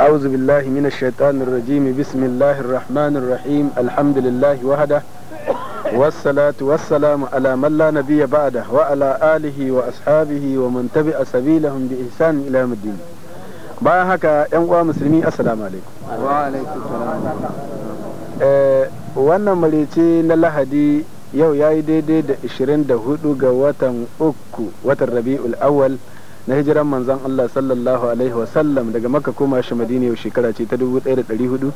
أعوذ بالله من الشيطان الرجيم بسم الله الرحمن الرحيم الحمد لله وحده والصلاة والسلام على من لا نبي بعده وعلى آله وأصحابه ومن تبع سبيلهم بإحسان إلى يوم الدين bayan haka yan uwa musulmi assalamu alaikum wa alaikum wannan marice na lahadi yau yayi daidai da 24 ga watan uku watan rabi'ul awwal 2023 na hijiran manzon Allah sallallahu alaihi wasallam daga makka koma shi madina yau shekara ce ta 1400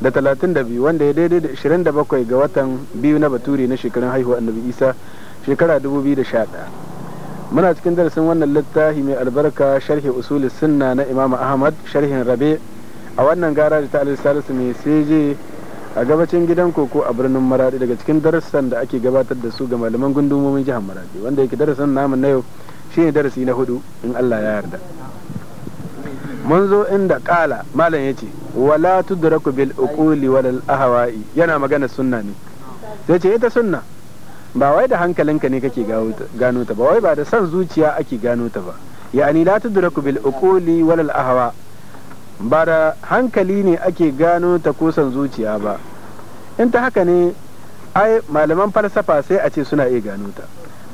da 32 wanda ya daidai da 27 ga watan biyu na baturi na shekarun haihuwa annabi isa shekara 2011 muna cikin darasin wannan littafi mai albarka sharhi usuli sunna na imam ahmad sharhin rabe a wannan gara da ta salisu mai seje a gabacin gidan koko a birnin maradi daga cikin darasan da ake gabatar da su ga malaman gundumomin jihar maradi wanda yake darasin namu na yau shi ne darasi na hudu in Allah ya yarda mun zo inda kala malam ya yace wala tudraku bil uquli wal ahwa'i yana magana sunna ne sai ce ita sunna ba wai da hankalinka ne kake gano ta ba wai ba da san zuciya ake gano ta ba ya'ani la tudraku bil uquli wal ahwa ba da hankali ne ake gano ta ko san zuciya ba in ta haka ne ai malaman falsafa sai a ce suna iya gano ta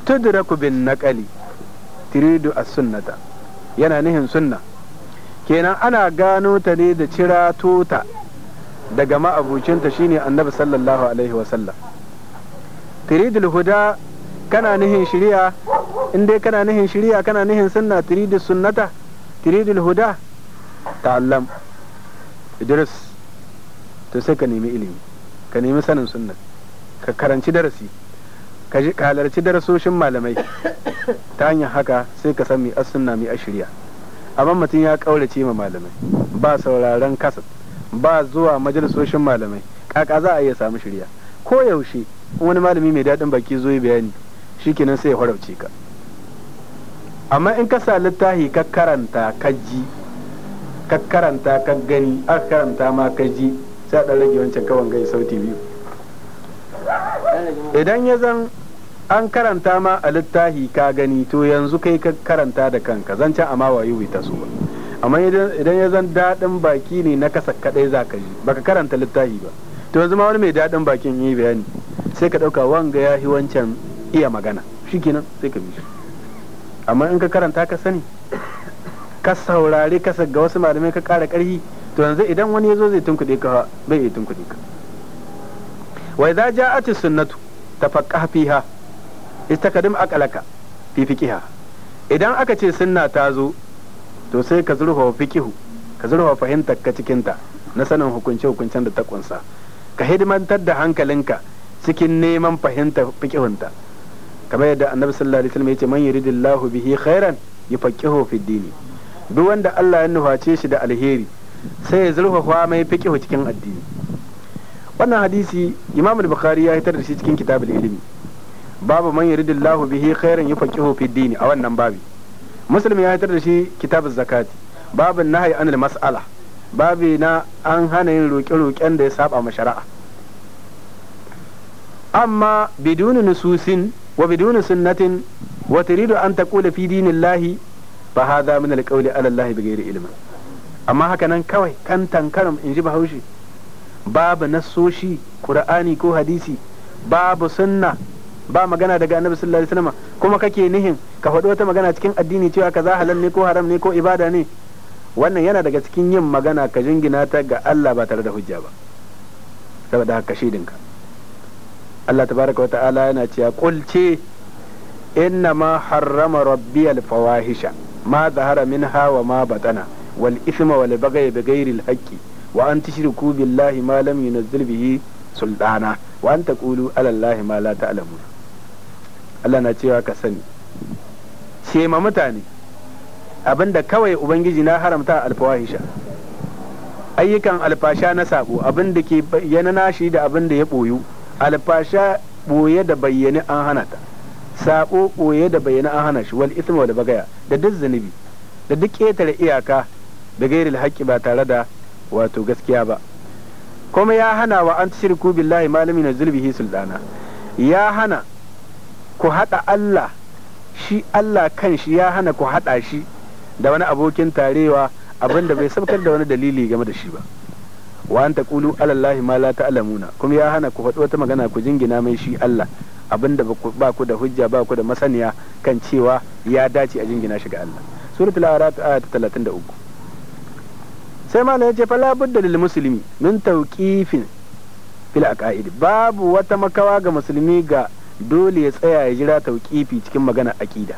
tudraku bin naqali tiridu a sunnata yana nihin sunna kenan ana gano ta ne da cira tuta daga ma'abucinta shine annabi sallallahu alaihi wasallam tiridul huda kana nihin shiriya in dai kana nihin shiriya kana nihin sunna tiridu sunnata tiridul huda ta'allam idris to sai ka nemi ilimi ka nemi sanin sunna ka karanci darasi ka ji halarci darasoshin malamai ta hanyar haka sai ka san mai as-sunna mi ashriya amma mutum ya kaurace ma malamai ba sauraron kasa ba zuwa majalisoshin malamai kaka za a iya samu shirya ko yaushe wani malami mai daɗin baki zo yi bayani shikenan sai ya horauce ka amma in ka sa littafi ka karanta ka ji ka karanta ka gani aka karanta ma ka ji sai a ɗan rage wancan kawan gai sauti biyu idan ya zan an karanta ma a littahi ka gani to yanzu kai ka karanta da kanka zan can amma wayo bai taso ba amma idan ya zan daɗin baki ne na kasa kaɗai za ka yi baka karanta littahi ba to yanzu ma wani mai daɗin bakin yi bayani sai ka ɗauka wanga ya yi wancan iya magana shikenan sai ka bi shi amma in ka karanta ka sani ka saurari ka ga wasu malamai ka ƙara ƙarfi to yanzu idan wani ya zo zai tunkuɗe ka bai iya tunkuɗe ka wa idza ja'at sunnatu tafaqqah fiha istakadim aqalaka fi fiqiha idan aka ce sunna ta zo to sai ka zurfa fiqihu ka zurfa fahimta ka cikin ta na sanin hukunce hukuncen da ta kunsa ka hidimantar da hankalinka cikin neman fahimta fahimtar ta kamar yadda annabi sallallahu alaihi wasallam yace man yuridillahu bihi khairan yufaqihu fi dini duk wanda Allah ya nuface shi da alheri sai ya zurfafa mai fiqihu cikin addini wannan hadisi imam al-bukhari ya hitar da shi cikin kitabul ilimi babu man yuridillahu bihi khairan yufaqihu fi dini a wannan babi muslim ya hitar da shi kitabuz zakati babu nahyi anil mas'ala babi na an hana yin roƙe-roƙen da ya saba ma shari'a amma biduni nususin wa biduni sunnatin wa turidu an taqula fi dinillahi fa hadha min alqawli ala allahi bighairi ilmin amma haka nan kawai kan tankaram in ji bahaushe babu nassoshi qur'ani ko hadisi babu sunna ba magana daga annabi sallallahu alaihi wasallam kuma kake nihin ka faɗi wata magana cikin addini cewa kaza halal ne ko haram ne ko ibada ne wannan yana daga cikin yin magana ka jingina ta ga Allah ba tare da hujja ba saboda haka shaidinka Allah tabaraka wa ta'ala yana cewa qul ce inna ma harrama rabbi al fawahisha ma zahara minha wa ma batana wal ithma wal baghy bi ghairi al haqqi wa an tushriku billahi ma lam yunzil bihi sultana wa an taqulu ala allahi ma la ta'lamun Allah na cewa ka sani ce ma mutane abinda kawai ubangiji na haramta alfawahisha ayyukan alfasha na sabo abinda ke bayyana nashi da abinda ya boyu alfasha boye da bayyane an hana ta sabo boye da bayyane an hana shi wal isma wal bagaya da duk zunubi da duk ƙetare iyaka da gairil haƙƙi ba tare da wato gaskiya ba kuma ya hana wa an shirku billahi malami na zulbihi sultana ya hana ku haɗa Allah shi Allah kan shi ya hana ku haɗa shi da wani abokin tarewa abinda bai sabkar da wani dalili game da shi ba wa an taqulu alallahi ma la ta'lamuna kuma ya hana ku faɗi wata magana ku jingina mai shi Allah abinda ba ku da hujja ba ku da masaniya kan cewa ya dace a jingina shi ga Allah suratul a'raf ayat 33 sai ma ya ce fa budda lil muslimi min tawqifin fil aqaid babu wata makawa ga musulmi ga dole ya tsaya ya jira tawqifi cikin magana aqida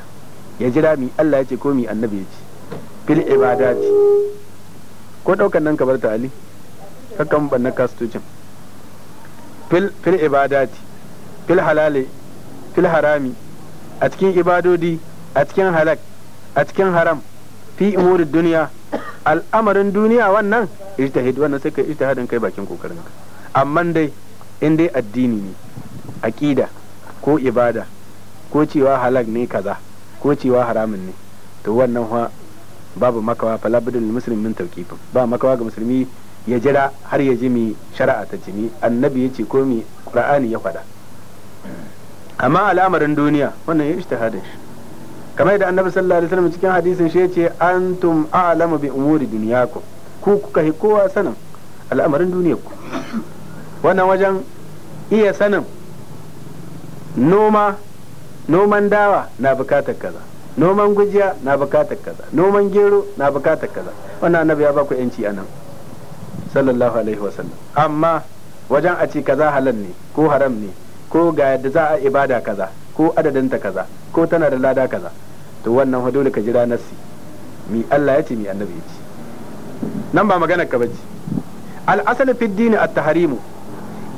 ya jira mi Allah ya ce ko mi annabi ya ce fil ibadati ko daukan nan ka bar ta ali kakan banna kastocin fil ibadati fil halale fil harami a cikin ibadodi a cikin halak a cikin haram fi umuri duniya al'amarin duniya wannan ijtihad wannan sai kai ijtihadin kai bakin kokarin ka amma dai in dai addini ne aqida ko ibada ko cewa halal ne kaza ko cewa haramun ne to wannan fa babu makawa falabudin muslim min tawqifin ba makawa ga musulmi ya jira har ya ji mi shari'a ta jimi annabi ya ce ko mi qur'ani ya faɗa amma al'amarin duniya wannan ya ijtihadin shi kamar da annabi sallallahu alaihi wasallam cikin hadisin shi yace antum a'lamu bi umuri dunyakum ku kuka hi kowa sanin al'amarin ku. wannan wajen iya sanin noma noman dawa na bukatar kaza noman gujiya na bukatar kaza noman gero na bukatar kaza wannan annabi ya baku yanci anan sallallahu alaihi wasallam amma wajen a ce kaza halal ne ko haram ne ko ga yadda za a ibada kaza ko adadinta kaza ko tana da lada kaza to wannan fa dole ka jira nassi mi Allah ya ce mi annabi ya ce nan ba magana ka bace al asali fi dini at taharimu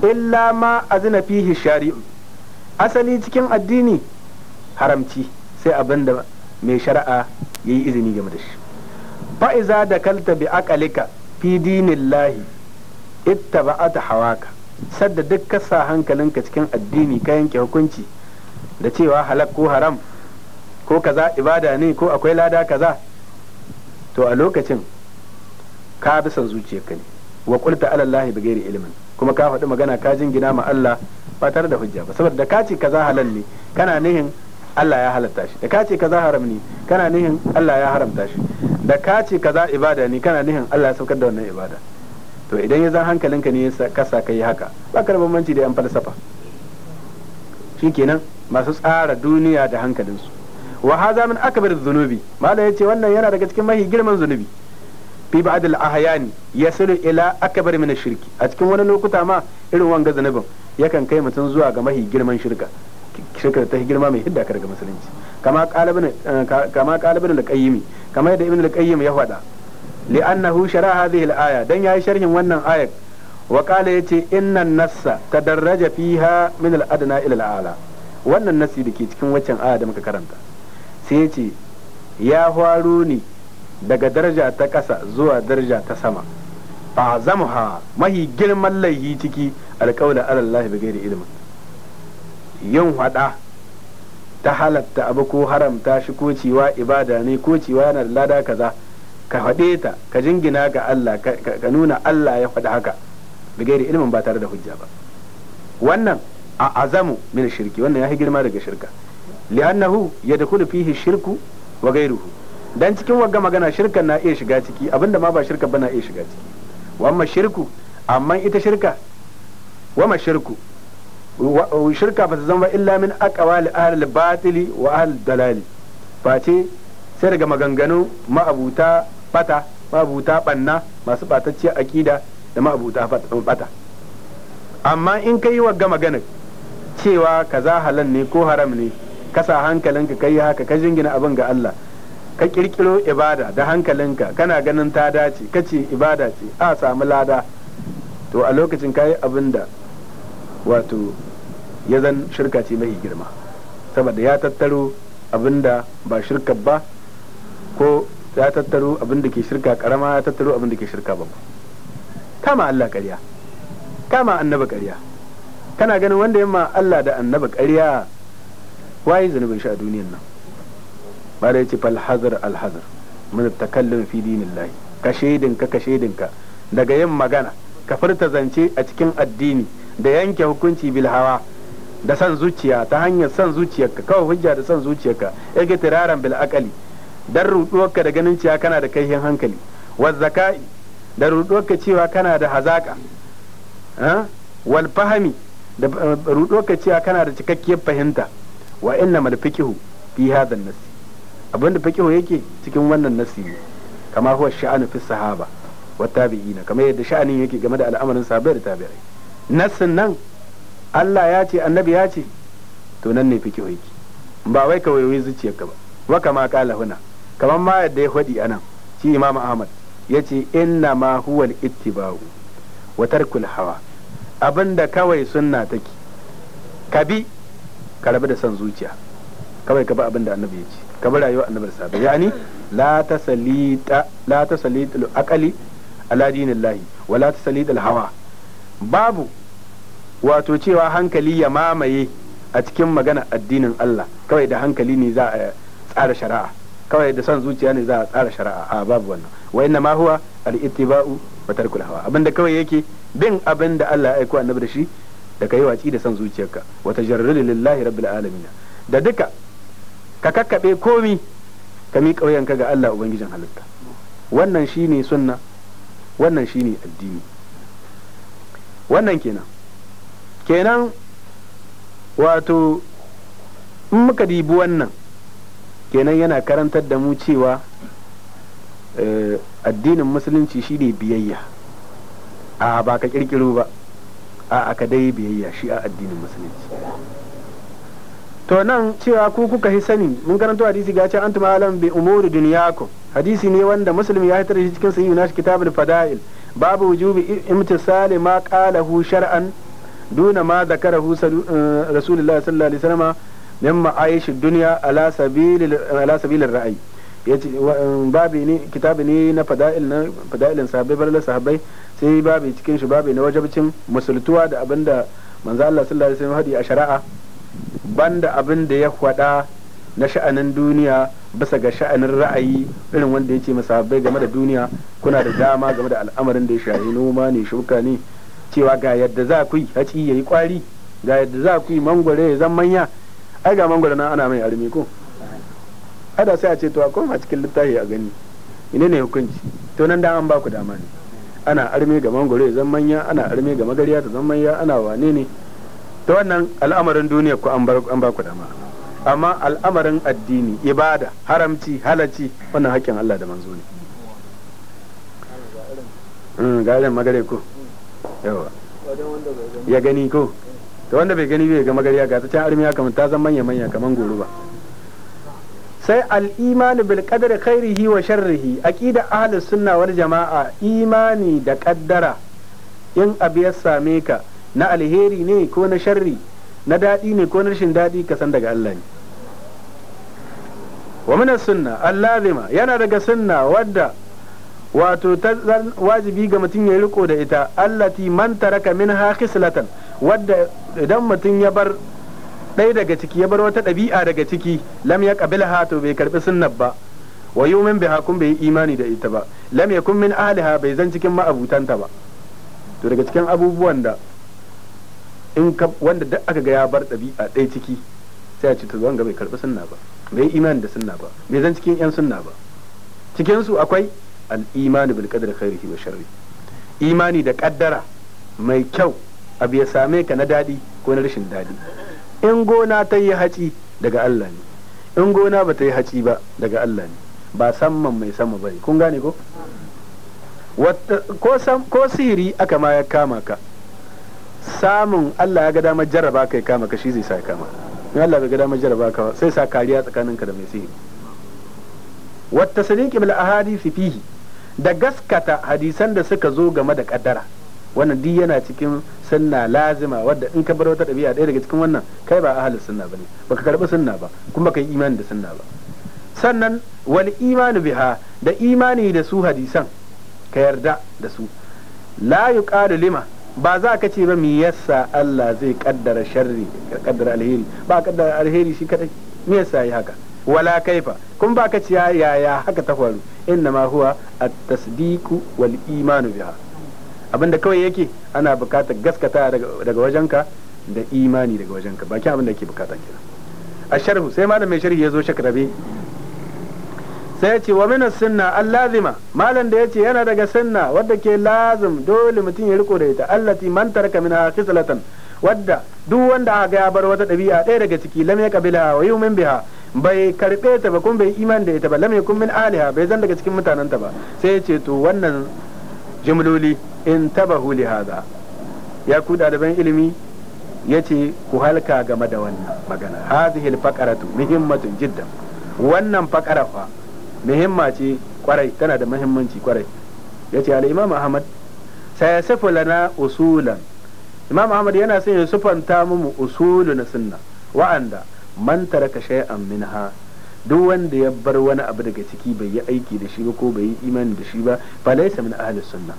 illa ma azna fihi shari'u asali cikin addini haramci sai abinda mai shari'a yayi izini game da shi fa iza dakalta bi aqalika fi dinillahi ittaba'ata hawaka sadda duk ka sa hankalinka cikin addini ka yanke hukunci da cewa halak ko haram ko kaza ibada ne ko akwai lada kaza to a lokacin ka bi son zuciyarka ne wa qulta ala allahi bi ghairi ilmin kuma ka faɗi magana ka jingina ma Allah ba tare da hujja ba saboda da ka ce kaza halal ne kana nihin Allah ya halatta shi da ka ce kaza haram ne kana nihin Allah ya haramta shi da ka ce kaza ibada ne kana nihin Allah ya saukar da wannan ibada to idan ya zan hankalinka ne ka sa ka yi haka ba ka da bambanci da yan falsafa shikenan masu tsara duniya da hankalinsu wa haza min akbar dhunubi mala yace wannan yana daga cikin mahi girman zunubi fi ba'd al ahyani yasilu ila akbar min shirki a cikin wani lokuta ma irin wanga zunubin yakan kai mutum zuwa ga mahi girman shirka shirka ta girma mai hidda karga musulunci kama qalibin kama qalibin al-qayyim kama yadda ibn al-qayyim ya faɗa li'annahu shara hadhihi al-aya dan yayi sharhin wannan ayat wa qala yace inna an-nassa tadarraja fiha min al-adna ila al-a'la wannan nasi dake cikin waccan aya da muka karanta sai ce ya faro ne daga daraja ta ƙasa zuwa daraja ta sama fa ha mahi girman laihi ciki alƙawla alallahi bi gairi ilmin yin hada ta halatta abu ko haramta shi ko cewa ibada ne ko cewa yana da lada kaza ka faɗe ta ka jingina ga Allah ka nuna Allah ya faɗi haka bi gairi ilmin ba tare da hujja ba wannan a azamu min shirki wannan ya fi girma daga shirka li'annahu yadkhulu fihi shirku wa hu dan cikin wagga magana shirkan na iya shiga ciki abinda ma ba shirka bana iya shiga ciki wamma shirku amma ita shirka wa ma shirku shirka ba ta zama illa min aqwali ahli batili wa ahli dalali face sai daga maganganu ma'abuta bata ma'abuta banna masu batacciyar akida da ma'abuta fata amma in kai wagga magana cewa kaza halal ne ko haram ne ka sa hankalinka yi haka ka jingina abin ga Allah ka kirkiro ibada da hankalinka kana ganin ta dace ka ce ibada ce a samu lada to a lokacin yi abin da wato ya zan shirka ce mai girma saboda ya tattaro abin da ba shirka ba ko ya tattaro abin da ke shirka karama ya tattaro abin da ke shirka babba kama Allah ƙarya kama annaba ƙarya kana ganin wanda yamma Allah da annaba ƙarya waye zunubin shi a duniyan nan bare yace fal hazar al hazar min takallum fi dinillahi ka shaidin ka ka shaidin ka daga yin magana ka furta zance a cikin addini da yanke hukunci bil hawa da san zuciya ta hanyar san zuciyarka kawai hujja da san zuciyarka yake tiraran bil akali dan ruduwarka da ganin cewa kana da kaihin hankali wal zaka'i da ruduwarka cewa kana da hazaka ah? wal fahmi da eh, ruduwarka cewa kana da cikakkiyar fahimta wa inna mal fiqhu fi hadha an-nass abinda fiqhu yake cikin wannan nasi ne kama huwa sha'anu fi sahaba wa tabi'ina kamar yadda sha'anin yake game da al'amarin sahabbai da tabi'ai nasin nan Allah ya ce annabi ya ce to nan ne fiqhu yake ba wai ka waiwai zuciyarka ba wa kama kala huna kamar ma yadda ya faɗi anan shi Imam Ahmad yace inna ma huwa al-ittiba'u wa tarkul hawa abinda kawai sunna take ka bi ka rabu da son zuciya kawai ka bi abin da annabi ya ce ka bi rayuwar annabi da sabai yani la tasalita la tasalita al-aqli ala dinillahi wa la tasalita hawa babu wato cewa hankali ya mamaye a cikin magana addinin Allah kawai da hankali ne za a tsara shari'a kawai da son zuciya ne za a tsara shari'a a babu wannan wa inna ma huwa al-ittiba'u wa tarkul hawa abinda kawai yake bin abin da Allah ya aiko annabi da shi da yi watsi da san zuciyarka wata tajarrulu lillahi rabbil alamin da duka ka kakkabe komi ka mi ƙauyenka ga Allah ubangijin halitta wannan shine sunna wannan shine addini wannan kenan kenan wato in muka dibi wannan kenan yana karantar da mu cewa eh, addinin musulunci shine biyayya a ba ka kirkiro ba a aka dai biyayya shi a addinin musulunci to nan cewa ku kuka yi sani mun karanto hadisi ga cewa antum alam bi umuri dunyako hadisi ne wanda muslim ya hitar shi cikin sahihu nashi kitabul fada'il babu wujubi imtisali ma qalahu shar'an duna ma zakarahu eh, rasulullahi sallallahu alaihi wasallam mimma aishu dunya ala sabilir ra'ayi ya ce um, babi ne kitabi ne na fada'il na fada'ilin sahabbai barlar sahabbai sai babi cikin shi babi na wajabcin musultuwa da abin da manzo Allah sallallahu alaihi wasallam hadi a shari'a banda abin da ya kwada na sha'anin duniya bisa ga sha'anin ra'ayi irin wanda ya ce masahabbai game da duniya kuna da dama game da al'amarin da ya shahi noma ne shuka ne cewa ga yadda za ku yi haci ya yi kwari ga yadda za ku yi mangware ya zan manya ai ga mangware na ana mai armi ko kada sai a ce to a koma cikin littafi a gani ine ne hukunci to nan da an ba ku dama ne ana arme ga mangoro ya zama manya ana arme ga magariya ta zama manya ana wane ne ta wannan al'amarin duniya ku an ba ku dama amma al'amarin addini ibada haramci halacci wannan haƙƙin Allah da manzo ne hmm, garin magare ko yawa ya gani ko ta wanda bai gani bai ga magariya ga ta can armiya kamar ta zama manya manya kamar goro ba sai al'imani bil kadari khairihi wa sharrihi aqida ahli sunna wal jama'a imani da kaddara in abu ya same ka na alheri ne ko na sharri na daɗi ne ko na rashin daɗi ka san daga Allah ne wa min sunna allazima yana daga sunna wadda wato ta wajibi ga mutum ya riko da ita allati man taraka minha khislatan wadda idan mutum ya bar ɗaya daga ciki ya bar wata ɗabi'a daga ciki lam ya ha to bai karbi sunnar ba wa yumin biha kun bai imani da ita ba lam yakun min aliha bai zan cikin ma'abutanta ba to daga cikin abubuwan da in ka wanda duk aka ga ya bar ɗabi'a ɗaya ciki sai a ce to wanga bai karbi sunna ba bai imani da sunna ba bai zan cikin yan sunna ba cikin su akwai al-imani bil qadri khairihi wa sharri imani da kaddara mai kyau abu ya same ka na daɗi ko na rashin daɗi in gona ta yi haci daga Allah ne in gona ba ta yi haci ba daga Allah ne ba samman mai sama ba kun gane ko ko sihiri aka ma ya kama ka samun Allah ya ga damar jarraba ya kama ka shi zai sa ya kama in Allah bai ga damar jarraba ka sai sa kariya tsakaninka da mai sihiri wata sadiqi bil fi fihi da gaskata hadisan da suka zo game da kaddara wannan duk yana cikin sunna lazima wadda in ka bar wata ɗabi'a ɗaya daga cikin wannan kai ba ahalin sunna bane baka karɓi sunna ba kuma baka yi imani da sunna ba sannan wal imanu biha da imani da su hadisan ka yarda da su la yuqalu lima ba za ka ce ba mi yasa Allah zai kaddara sharri kaddara alheri ba kaddara alheri shi kadai mi yasa yi haka wala kaifa kuma ba ka ce yaya haka ta faru inna ma huwa at-tasdiqu wal imanu biha abinda kawai yake ana bukatar gaskata daga wajenka da imani daga wajenka bakin abinda yake bukata kenan a sharhu sai malam mai sharhi ya zo shakrabi sai ya ce wa minas sunna allazima malam da yace yana daga sunna wadda ke lazim dole mutum ya riko da ita allati man taraka min khislatan wadda duk wanda aka ya bar wata dabi'a ɗaya daga ciki lam kabila wa yu'min biha bai karbe ta ba kun bai iman da ita ba lam yakun min aliha bai zan daga cikin mutanen ta ba sai ya ce to wannan jimloli in tabahu li haza ya ku ɗaliban ilimi ce ku halka game da wannan magana hadhihi al-faqaratu muhimmatun jiddan wannan faqara fa muhimma ce kwarai tana da muhimmanci kwarai ce al-imam ahmad sayasifu lana usulan imam ahmad yana son ya sufanta mu na sunna wa'anda man taraka shay'an minha duk wanda ya bar wani abu daga ciki bai yi aiki da shi ba ko bai yi imani da shi ba fa laysa min ahli sunna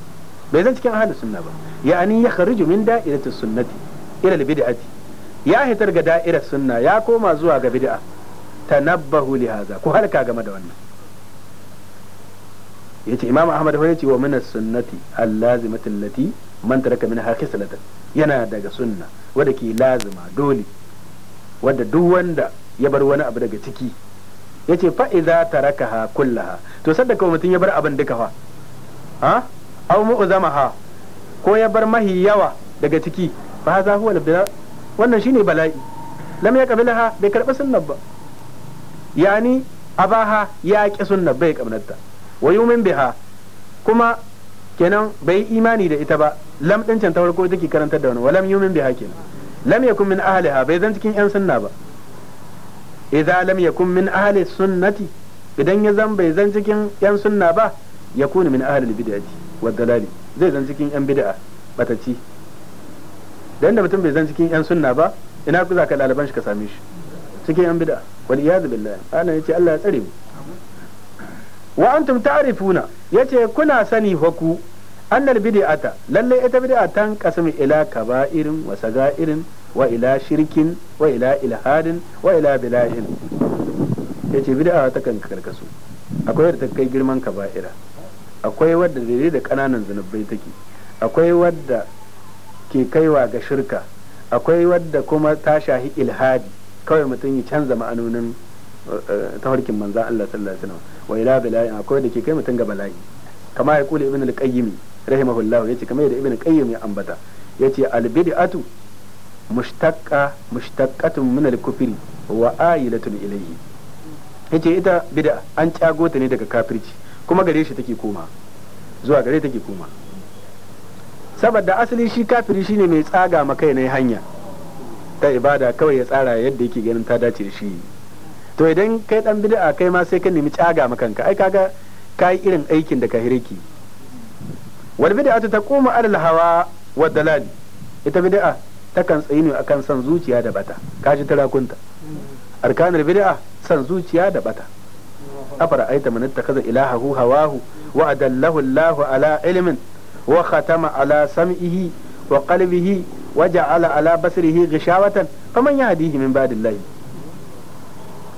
bai zan cikin ahli sunna ba ya'ani ya kharuju min da'irati sunnati ila bid'ati ya hitar ga da'irar sunna ya koma zuwa ga bid'a tanabbahu li hadha ku halka game da wannan yace imam ahmad ya ce wa min as-sunnati al-lazimati allati man taraka minha khislatan yana daga sunna wanda ke lazima dole wanda duk wanda ya bar wani abu daga ciki ce ta raka ha kulla ha to sadda kawai mutum ya bar abin duka fa ha zama ha ko ya bar mahi yawa daga ciki fa za huwa labdina wannan shi ne bala'i lam ha bai karba sunnah ba yani abaha ya ki sunnah bai kabnata wa bi ha kuma kenan bai yi imani da ita ba lam din can ta farko take karantar da wani min bi ha kenan lam kun min ha bai zan cikin yan sunna ba idza lam yakun min ahli sunnati idan ya zan bai zan cikin yan sunna ba yakun min ahli bid'ati wa dalali zai zan cikin yan bid'a batacci dan da mutum bai zan cikin yan sunna ba ina ku za ka shi ka same shi cikin yan bid'a wal iyad billah ana yace Allah ya tsare mu wa antum ta'rifuna yace kuna sani fa ku annal bid'ata lalle ita bid'a tan qasmi ila kaba'irin wa saga'irin wa ila shirkin wa ila ilhadin wa ila bilahin yace bid'a ta kan karkasu akwai wadda ta kai girman kaba'ira akwai wadda daidai da kananan zunubai take akwai wadda ke kaiwa ga shirka akwai wadda kuma ta shahi ilhadi kawai mutum ya canza ma'anonin harkin eh, eh, manzan Allah sallallahu alaihi wa ila bilahi akwai wadda ke kai mutum ga bala'i kama ya kula ibn al-qayyim rahimahullah yace kamar yadda ibn al-qayyim ya ambata yace al-bid'atu mushtaqqa mushtaqqatun min al-kufri wa ailatun ilayhi yace ita bid'a an cago ta ne daga kafirci kuma gare shi take koma zuwa gare take koma saboda asali shi kafiri shine mai tsaga makai ne hanya ta ibada kawai ya tsara yadda yake ganin ta dace da shi to idan kai dan bid'a kai ma sai ka nemi tsaga kanka ai kaga kai irin aikin da ka hireki wal bid'atu taqumu ala al hawa wa dalal ita bid'a takan tsayi ne akan son zuciya da bata kashi rakunta. arkanar bid'a son zuciya da bata afara aita man takaza ilahahu hawahu wa adallahu Allah ala ilmin wa khatama ala sam'ihi wa qalbihi wa ja'ala ala basrihi ghishawatan faman yahdihi min ba'dillah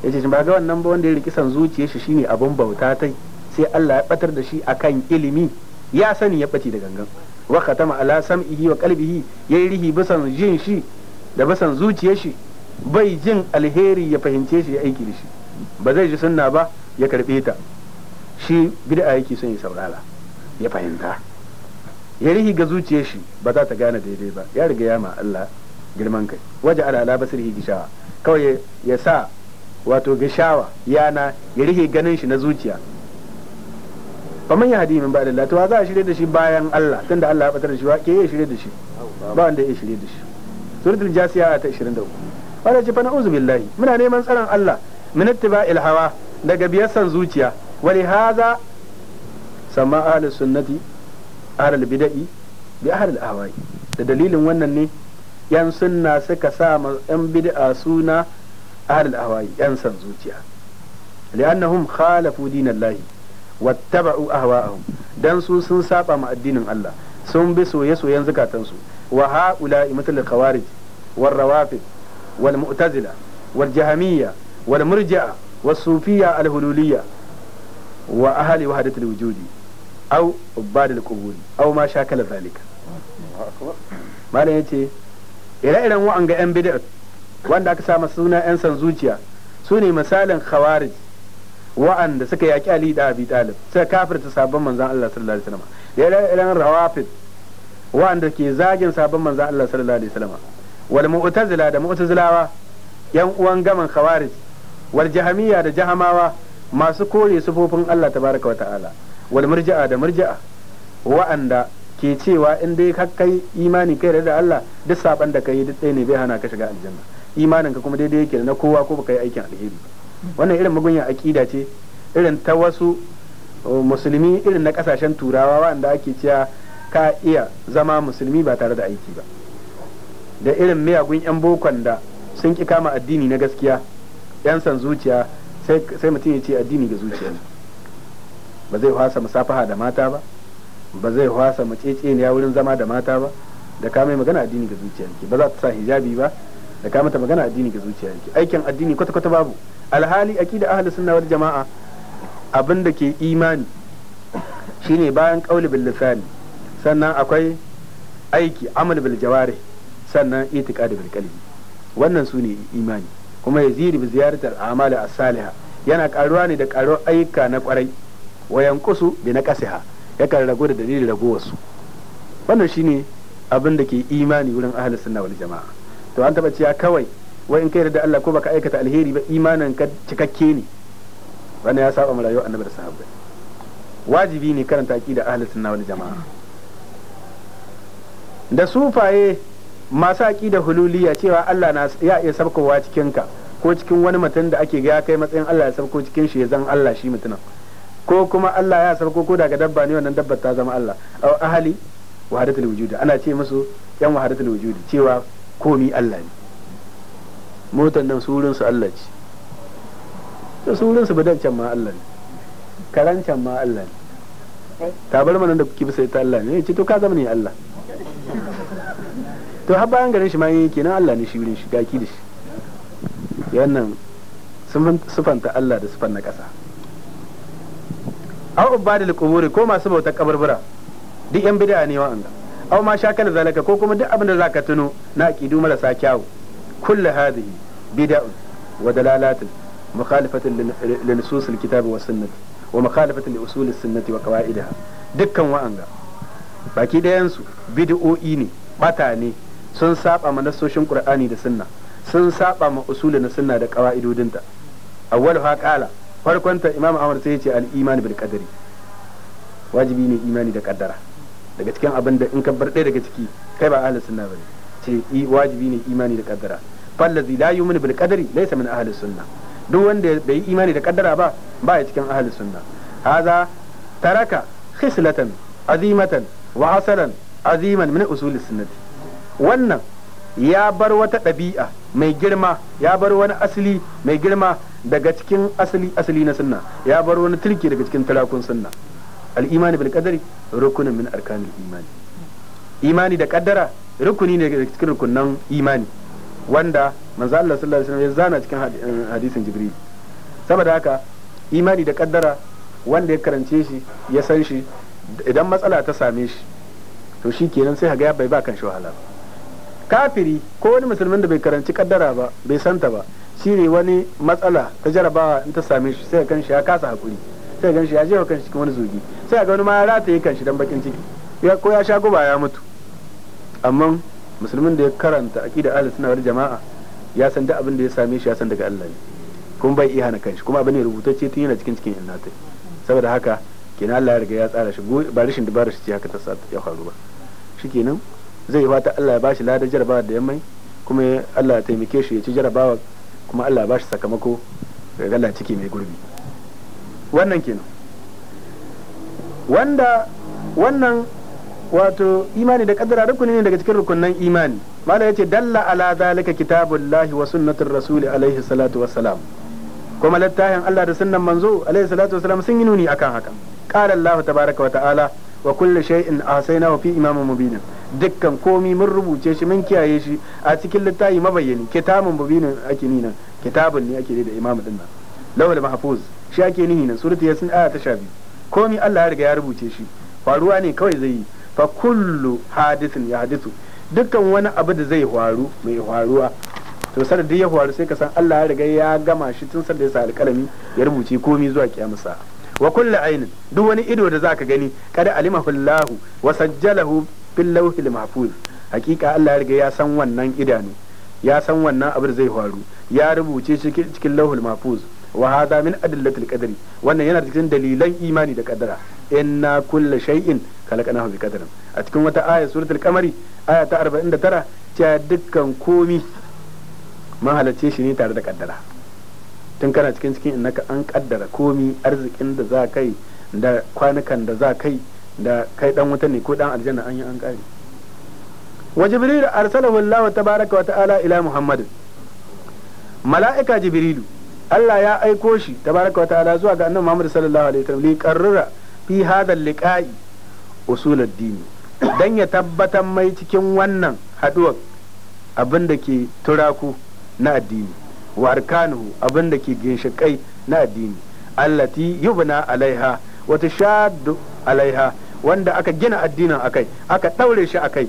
yace shin ba ga wannan ba wanda ya riki son zuciyar shi shine abun bauta tai sai Allah ya batar da shi akan ilimi ya sani ya bace da gangan wa khatama ala sam'ihi wa qalbihi yayi rihi bisan jin shi da bisan zuciyar shi bai jin alheri ya fahimce shi ya aiki da shi ba zai ji sunna ba ya karbe ta shi bid'a yake son ya saurara ya fahimta ya rihi ga zuciyar shi ba za ta gane daidai ba ya riga ya ma Allah girman kai waje ala ala basirhi gishawa kawai ya sa wato gishawa yana ya rihi ganin shi na zuciya Fa ya hadi min ba da to za a shirye da shi bayan Allah tunda Allah ya batar da shi ba ke ya shirye da shi ba wanda ya shirye da shi suratul jasiya ta 23 wanda ce fa na'uzu billahi muna neman tsaron Allah min ittiba'il hawa daga biyar san zuciya wali haza sama ahli sunnati ahli bid'i bi ahli ahwai da dalilin wannan ne yan sunna suka sa yan bid'a suna ahli ahwai yan san zuciya li'annahum khalafu dinallahi wattaba'u ahwa'ahum dan su sun saba ma addinin Allah sun bi soye-soyen zikatansu wa ha'ula imatul khawarij war rawafid wal mu'tazila wal jahamiyya wal murji'a was sufiyya al hululiyya wa ahli wujudi aw ubadul qubur aw ma shakal zalika malam yace ire-iren wa'anga yan bid'a wanda aka sa suna yan san zuciya su ne misalin khawarij wa'anda suka yaki Ali da Abi Talib suka kafirta sabon manzon Allah sallallahu alaihi wasallam ya ilan rawafid wa'anda ke zagin sabon manzon Allah sallallahu alaihi wasallam wal mu'tazila da mu'tazilawa yan uwan gaman khawarij wal jahamiyya da jahamawa masu kore sufofin Allah tabaraka wa ta'ala wal murji'a da murji'a wa'anda ke cewa in dai ka kai imani kai da Allah duk saban da kai duk ɗaya ne bai hana ka shiga aljanna imanin ka kuma daidai yake na kowa ko baka yi aikin alheri ba wannan irin magunyar akida ce irin ta wasu uh, musulmi irin na kasashen turawa wanda ake cewa ka iya zama musulmi ba tare da aiki ba da irin miyagun 'yan bokon da sun ki kama addini na gaskiya 'yan san zuciya sai mutum ya ce addini ga zuciya ne ba zai hwasa musafaha da mata ba ba zai hwasa maceceniya wurin zama da mata ba da ka mai magana addini ga zuciya ba za ta sa hijabi ba da ka mata magana addini ga zuciya aikin addini kwata-kwata babu alhali kida ahli sunna wal jama'a abin da ke imani shine bayan qauli bil lisan sannan akwai aiki amal bil jawari sannan itiqadi bil qalbi wannan sune imani kuma yazidu bi ziyaratar amali as-saliha yana karuwa ne da karuwar ayyuka na kwarai wayan kusu bi na kasiha yakan ragu da dalilin ragowarsu wannan shine abin da ke imani wurin ahli sunna wal jama'a to an taba cewa kawai wai in kai da Allah ko baka aikata alheri ba imanin ka cikakke ne wannan ya saba mu rayuwar annabi da sahabbai wajibi ne karanta aqida ahlus sunna wal jamaa da sufaye masu aqida hululiya cewa Allah na ya iya sabkowa cikin ka ko cikin wani mutum da ake ga kai matsayin Allah ya sabko cikin shi zan Allah shi mutumin ko kuma Allah ya sabko ko daga dabba ne wannan dabbar ta zama Allah aw ahli wahadatul wujudi ana ce musu yan wahadatul wujudi cewa komi Allah ne Motan nan surin su Allah ce to surin su bidan can ma Allah ne karan can ma Allah ne bar mana da kuke sai ta Allah ne ce to ka zama ne Allah to har bayan garin shi ma yake nan Allah ne shi wurin shi gaki da shi yannan sufanta Allah da sufan na ƙasa aw ubadil quburi ko masu bauta kabarbura duk yan bid'a ne wa'anda aw ma shakala zalaka ko kuma duk abin da zaka tuno na aqidu marasa kyawu kullu hadhihi bid'un wa dalalatun mukhalifatun lil nusus al kitab wa sunnah wa mukhalifatun li usul as sunnah wa qawaidiha dukkan wa'anga baki ɗayansu su bid'o'i ne bata ne sun saba ma nasoshin qur'ani da sunna sun saba ma usul na sunna da qawaidodinta awwalu ha qala farkon ta imam amr yace al iman bil wajibi ne imani da kaddara daga cikin abin in ka bar ɗaya daga ciki kai ba ahlus sunna ce wajibi ne imani da kaddara fallazi la yu'minu bil qadari laysa min ahli sunna duk wanda bai yi imani da kaddara ba ba ya cikin ahli sunna haza taraka khislatan azimatan wa asalan aziman min usul sunnati wannan ya bar wata ɗabi'a mai girma ya bar wani asali mai girma daga cikin asali asali na sunna ya bar wani tilki daga cikin tarakun sunna al-imani bil qadari rukunin min arkanil imani imani da kaddara rukuni ne daga cikin rukunan imani wanda manzo Allah sallallahu alaihi wasallam ya zana cikin eh, hadisin jibril saboda haka imani da kaddara wanda ya karance shi ya san shi idan matsala ta same shi to shi kenan sai haga ya bai ba kan shi wahala kafiri ko wani musulmin da bai karanci kaddara ba bai santa ba shi ne wani matsala ta jarabawa in ta same shi sai kan shi ya kasa hakuri sai kan shi ya jefa kan shi cikin wani zogi sai ga wani ma ya rataye kan shi dan bakin ciki ko ya sha guba ya mutu amma musulmin da ya karanta aqida ahli suna wani jama'a ya san duk abin da ya same shi ya san daga Allah kuma bai iya hana kanshi kuma abin ne rubutacce tun yana cikin cikin innata saboda haka kenan Allah ya riga ya tsara shi ba rashin dabara shi ce haka ta ya faru ba shikenan zai fata Allah ya bashi ladar jarabawa da yammai kuma Allah ya taimake shi ya ci jarabawa kuma Allah ya bashi sakamako ga Allah ciki mai gurbi wannan kenan wanda wannan wato imani da kaddara rukuni ne daga cikin rukunan imani malam yace dalla ala zalika kitabullahi wa sunnatur rasuli alaihi salatu wassalam kuma littafin Allah da sunnan manzo alaihi salatu wassalam sun yi nuni akan haka qala Allah tabaraka wa ta'ala wa kullu shay'in ahsaynahu fi imamin mubin dukkan komi mun rubuce shi mun kiyaye shi a cikin littafi mabayyani kitabun mubin ake nina kitabun ne ake da imamu din nan lawal mahfuz shi ake nihi nan suratu yasin aya ta 12 komi Allah ya riga ya rubuce shi faruwa ne kawai zai yi fa kullu hadisin ya hadisu dukkan wani abu da zai faru mai faruwa to sanar da ya faru sai ka san Allah ya riga ya gama shi tun sanda ya sa alƙalami ya rubuce komai zuwa kiyamasa wa kullu ainin duk wani ido da zaka gani kada alimahu Allah wa sajjalahu bil lawhil mahfuz hakika Allah ya riga ya san wannan idanu ya san wannan abu da zai faru ya rubuce shi cikin lawhul mahfuz wa hada min adillatil qadari wannan yana cikin dalilan imani da kaddara inna kullu shay'in khalaqnahu bi qadarin a cikin wata aya suratul qamari aya ta 49 cewa dukkan komi mun shi ne tare da kadara tun kana cikin cikin ka an kaddara komi arzikin da za kai da kwanukan da za kai da kai dan wata ne ko dan aljanna an yi an kare wa jibril arsalahu Allah tabaraka wa ta'ala ila Muhammadu mala'ika jibrilu Allah ya aiko shi tabaraka wa ta'ala zuwa ga annabi Muhammad sallallahu alaihi wasallam li qarrara fi hadha liqa'i usul ad-din dan ya tabbatar mai cikin wannan haduwar abinda ke turaku na addini wa arkanuhu abinda ke ginshikai na addini allati yubna alaiha wa tashaddu alaiha wanda aka gina addinin akai aka daure shi akai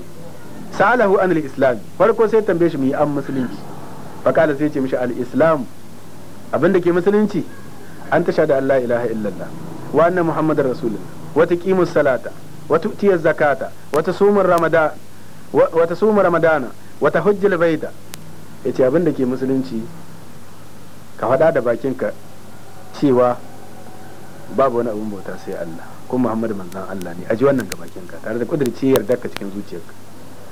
salahu al islam farko sai tambaye shi mu yi an musulunci fa sai ce mishi al islam abin da ke musulunci an tasha da Allah ilaha illallah wa anna muhammadar rasulun wata kimus salata wata tiyar zakata wata sumar ramadana wata sumar ramadana wata hujjal baita yace abin da ke musulunci ka faɗa da bakinka cewa babu wani abin bauta sai Allah ko Muhammad manzan Allah ne aji wannan ga bakinka tare da kudirci yarda ka cikin zuciyarka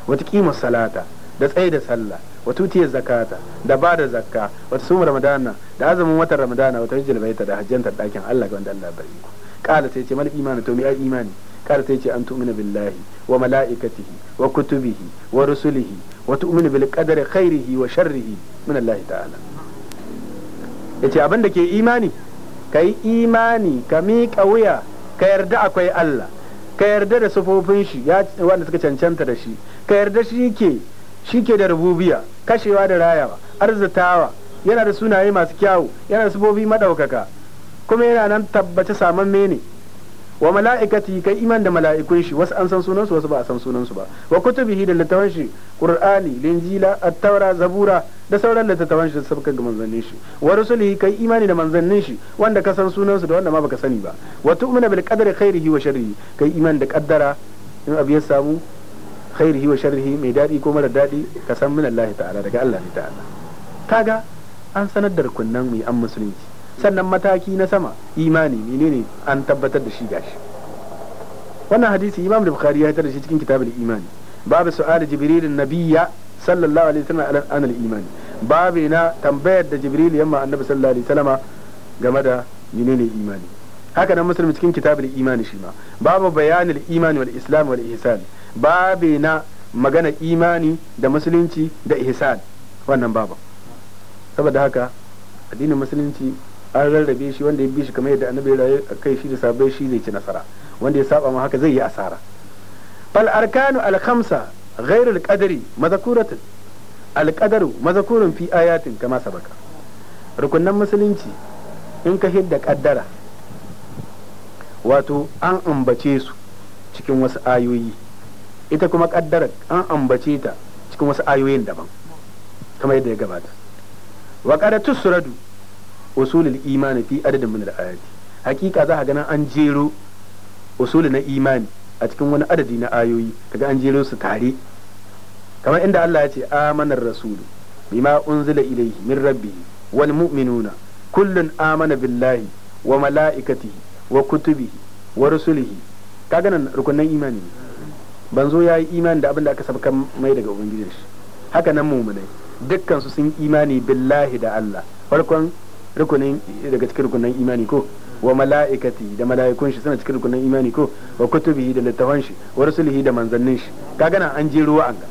wata kimus salata da tsaye da sallah wa tutiyar zakata da ba da zakka wa sumu ramadana da azumin watan ramadana wa tajjil baita da hajjanta ɗakin Allah ga wanda Allah bari ku qala sai ce mal imani to mi ai imani qala sai ce an tu'mina billahi wa malaikatihi wa kutubihi wa rusulihi wa tu'minu bil qadari khairihi wa sharrihi min Allah ta'ala yace abin da ke imani kai imani ka miƙa wuya ka yarda akwai Allah ka yarda da sufofin shi wanda suka cancanta da shi ka yarda shi ke shi ke da rububiya kashewa da rayawa arzitawa yana da sunaye masu kyawu yana da sufofi maɗaukaka kuma yana nan tabbace saman mene wa mala'ikati kai iman da mala'ikun shi wasu an san sunan su wasu ba a san sunan su ba wa kutubihi da littafan shi qur'ani linjila at zabura da sauran littafan shi da sabka ga manzannin shi wa rusulihi kai imani da manzannin shi wanda ka san sunan su da wanda ma baka sani ba wa tu'minu bil qadri khairihi wa sharrihi kai iman da kaddara in abu samu khairihi wa sharrihi mai daɗi ko mara daɗi ka san min Allah ta'ala daga Allah ne ta'ala kaga an sanar da rukunnan mu an musulunci sannan mataki na sama imani menene an tabbatar da shi gashi wannan hadisi imam da bukhari ya da shi cikin kitabul imani babu su'al jibril nabiyya sallallahu alaihi wasallam an al iman babu na tambayar da jibril yamma annabi sallallahu alaihi wasallam game da menene imani haka nan musulmi cikin kitabul imani shi ma babu bayanul imani wal islam wal ihsan babe na magana imani da musulunci da ihsan wannan babu saboda haka addinin musulunci an rarrabe shi wanda ya bi shi kamar yadda annabi ya rayu kai shi da sabai shi zai ci nasara wanda ya saba ma haka zai yi asara fal arkanu al khamsa غير القدر al القدر مذكور fi ayatin kama sabaka rukunan musulunci in ka hidda kaddara wato an ambace su cikin wasu ayoyi ita kuma kaddara an ambace ta cikin wasu ayoyin daban kamar yadda ya gabata wa qad tusradu usulul imani fi adadin min al-ayati hakika za ka ganin an jero usuli na imani a cikin wani adadi na ayoyi kaga an jero su tare kamar inda Allah ya ce amanar rasulu bima unzila ilaihi min rabbi wal mu'minuna kullun amana billahi wa mala'ikatihi wa kutubihi wa rusulihi kaga nan rukunin imani banzo ya yi imani da abin da aka sabka mai daga ubangijin shi haka nan mumunai dukkan su sun imani billahi da Allah farkon rukunin daga cikin rukunin imani ko wa mala'ikati da mala'ikun shi suna cikin rukunin imani ko wa kutubihi da littafan shi wa rusulihi da manzannin shi kaga nan an je ruwa an ga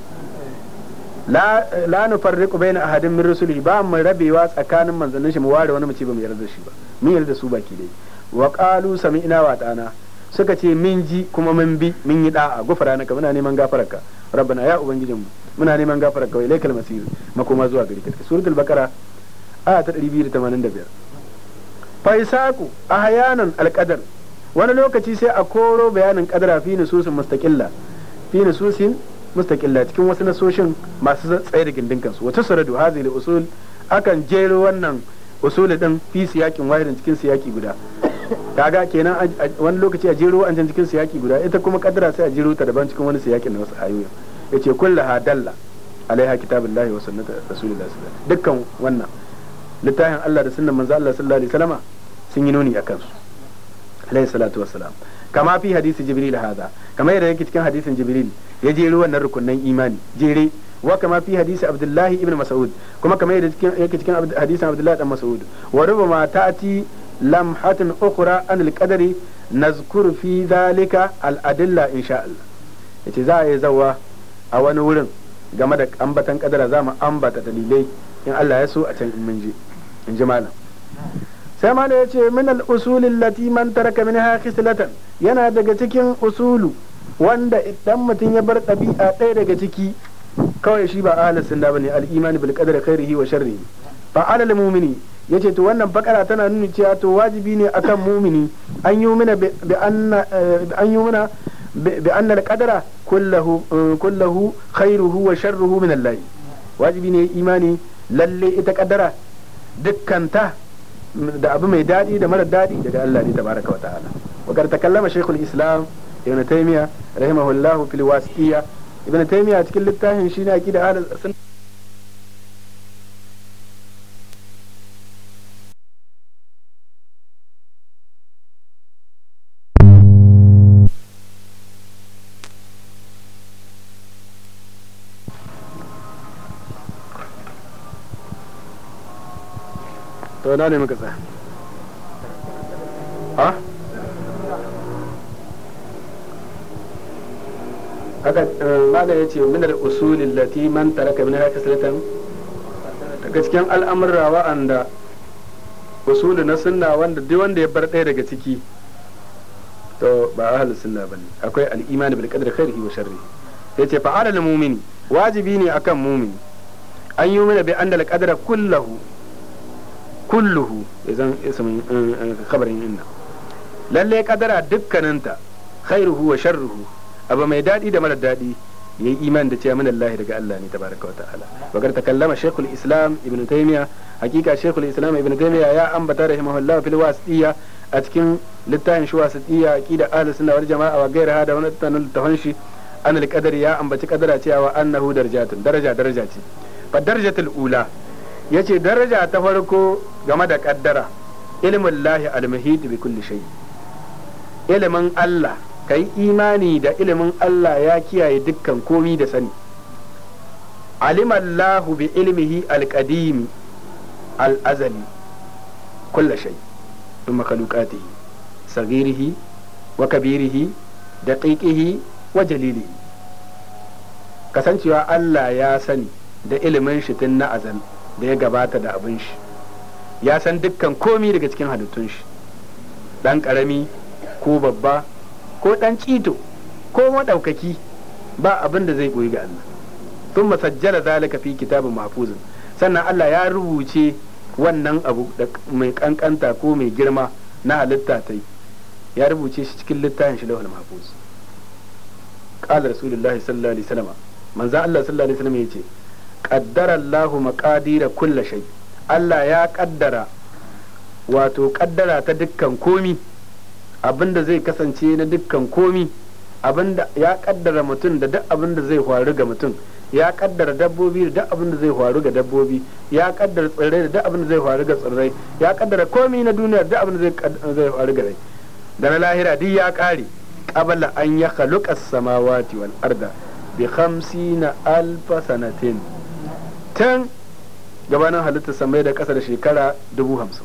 la la nufarriqu baina ahadin min rusulihi ba mu rabewa tsakanin manzannin shi mu ware wani mu ce ba mu yarda shi ba mun yarda da su baki dai wa qalu sami'na wa ta'ana suka ce min ji kuma mun bi mun yi da'a naka muna neman gafararka rabbana ya mu muna neman gafararka wa ilaikal masir makoma zuwa gari kake suratul bakara aya ta 285 fa isaku ahyanan alqadar wani lokaci sai a koro bayanin kadara fi nususin mustaqilla fi nususin mustaqilla cikin wasu nasoshin masu tsaye da gindin kansu wata saradu hazili usul akan jero wannan usuli din fi siyakin wahidin cikin siyaki guda kaga kenan wani lokaci a jero an can cikin siyaki guda ita kuma kadara sai a jero ta daban cikin wani siyaki na wasu ayoyi yace kullu dalla alaiha kitabullahi wa sunnati rasulillahi sallallahu dukkan wannan littafin Allah da sunnan manzo Allah sallallahu alaihi wasallama sun yi nuni akan su alaihi salatu wassalam kama fi hadisi jibril hada kama yadda yake cikin hadisin jibril ya jero wannan rukunnan imani jere wa kama fi hadisi abdullahi ibn mas'ud kuma kama yadda yake cikin hadisin abdullahi dan mas'ud wa rubama ta'ati lamhatin ukura an na nazkur fi zalika al'adilla insha Allah yace za a yi zawa a wani wurin game da ambatan kadara za mu ambata dalilai in Allah ya so a can in je in ji malam sai malam ya ce min al-usulin lati man taraka minha khislatan yana daga cikin usulu wanda idan mutum ya bar ɗabi'a ɗaya daga ciki kawai shi ba ahlus sunna bane al-imani bil qadari khairihi wa sharrihi fa'alal mumini ya ce to wannan bakara tana nuna cewa to wajibi ne akan mumini an yi mana bi anna eh, an yi mana bi anna al-qadara kullahu eh, kullahu khairuhu wa sharruhu min Allah wajibi ne imani lalle ita kadara dukkanta da abu mai dadi da mara dadi daga Allah ne tabaraka wa ta'ala wa kar takallama shaykhul islam ibn taymiya rahimahullahu fil wasiya ibn taymiya cikin littafin shi ne akida ahlus sunnah to na ne muka tsaya ha haka eh, malam ya ce min al-usulil lati man taraka min haka salatan daga cikin al'amurra wa'anda usulin na sunna wanda duk wanda ya bar ɗaya daga ciki to ba ahlus sunna ne akwai al'imani imani bil qadri khairihi wa sharri yace ce ala al-mu'mini wajibi ne akan mu'mini an yi mana bi an da qadra kullahu kulluhu idan ismin eh, eh, kabarin inna lalle kadara dukkaninta khairuhu wa sharruhu abu mai dadi da mara dadi yayi iman da cewa min Allah daga Allah ne tabaraka wa ta'ala bagar takallama shaykhul islam ibn taymiya hakika shaykhul islam ibn taymiya ya ambata rahimahullah fil wasiya a cikin littafin shi wasiya aqida ahlus sunna wal jamaa wa gairaha da wani littafin shi an al ya ambaci kadara cewa annahu darajatun daraja daraja ce fa darajatul ula Ya ce daraja ta farko game da kaddara ilimin lahi almuhit bi kulli shay ilimin Allah kai imani da ilimin Allah ya kiyaye dukkan komi da sani lahu bi ilmihi alqadimi al'azali kulla shay bi makalukatihi sagirihi wa kabirihi ƙiƙihi wa jalilihi kasancewa Allah ya sani da ilimin shi tun na azali da ya gabata da abin shi ya san dukkan komi daga cikin halittun shi dan karami ko babba ko dan cito ko madaukaki ba abin da zai koyi ga Allah sun masajjala zalika fi kitabin mahfuzin sannan Allah ya rubuce wannan abu mai kankanta ko mai girma na halitta ta ya rubuce shi cikin littafin shi lawal mahfuz qala rasulullahi sallallahu alaihi wasallam manzo Allah sallallahu alaihi wasallam yace Kaddara Allahu maqadira kulla shay Allah ya kaddara wato kaddara ta dukkan komi abinda zai kasance na dukkan komi abinda ya kaddara mutum da duk abinda zai faru ga mutum ya kaddara dabbobi da duk abinda zai faru ga dabbobi ya kaddara tsirrai da duk abinda zai faru ga tsirrai ya kaddara komi na duniya da duk abinda zai faru ga rai da na lahira duk ya kare qabla an ya khaluqa as-samawati wal arda bi 50 alf sanatin tun gabanin halittar samai da ƙasa da shekara dubu hamsin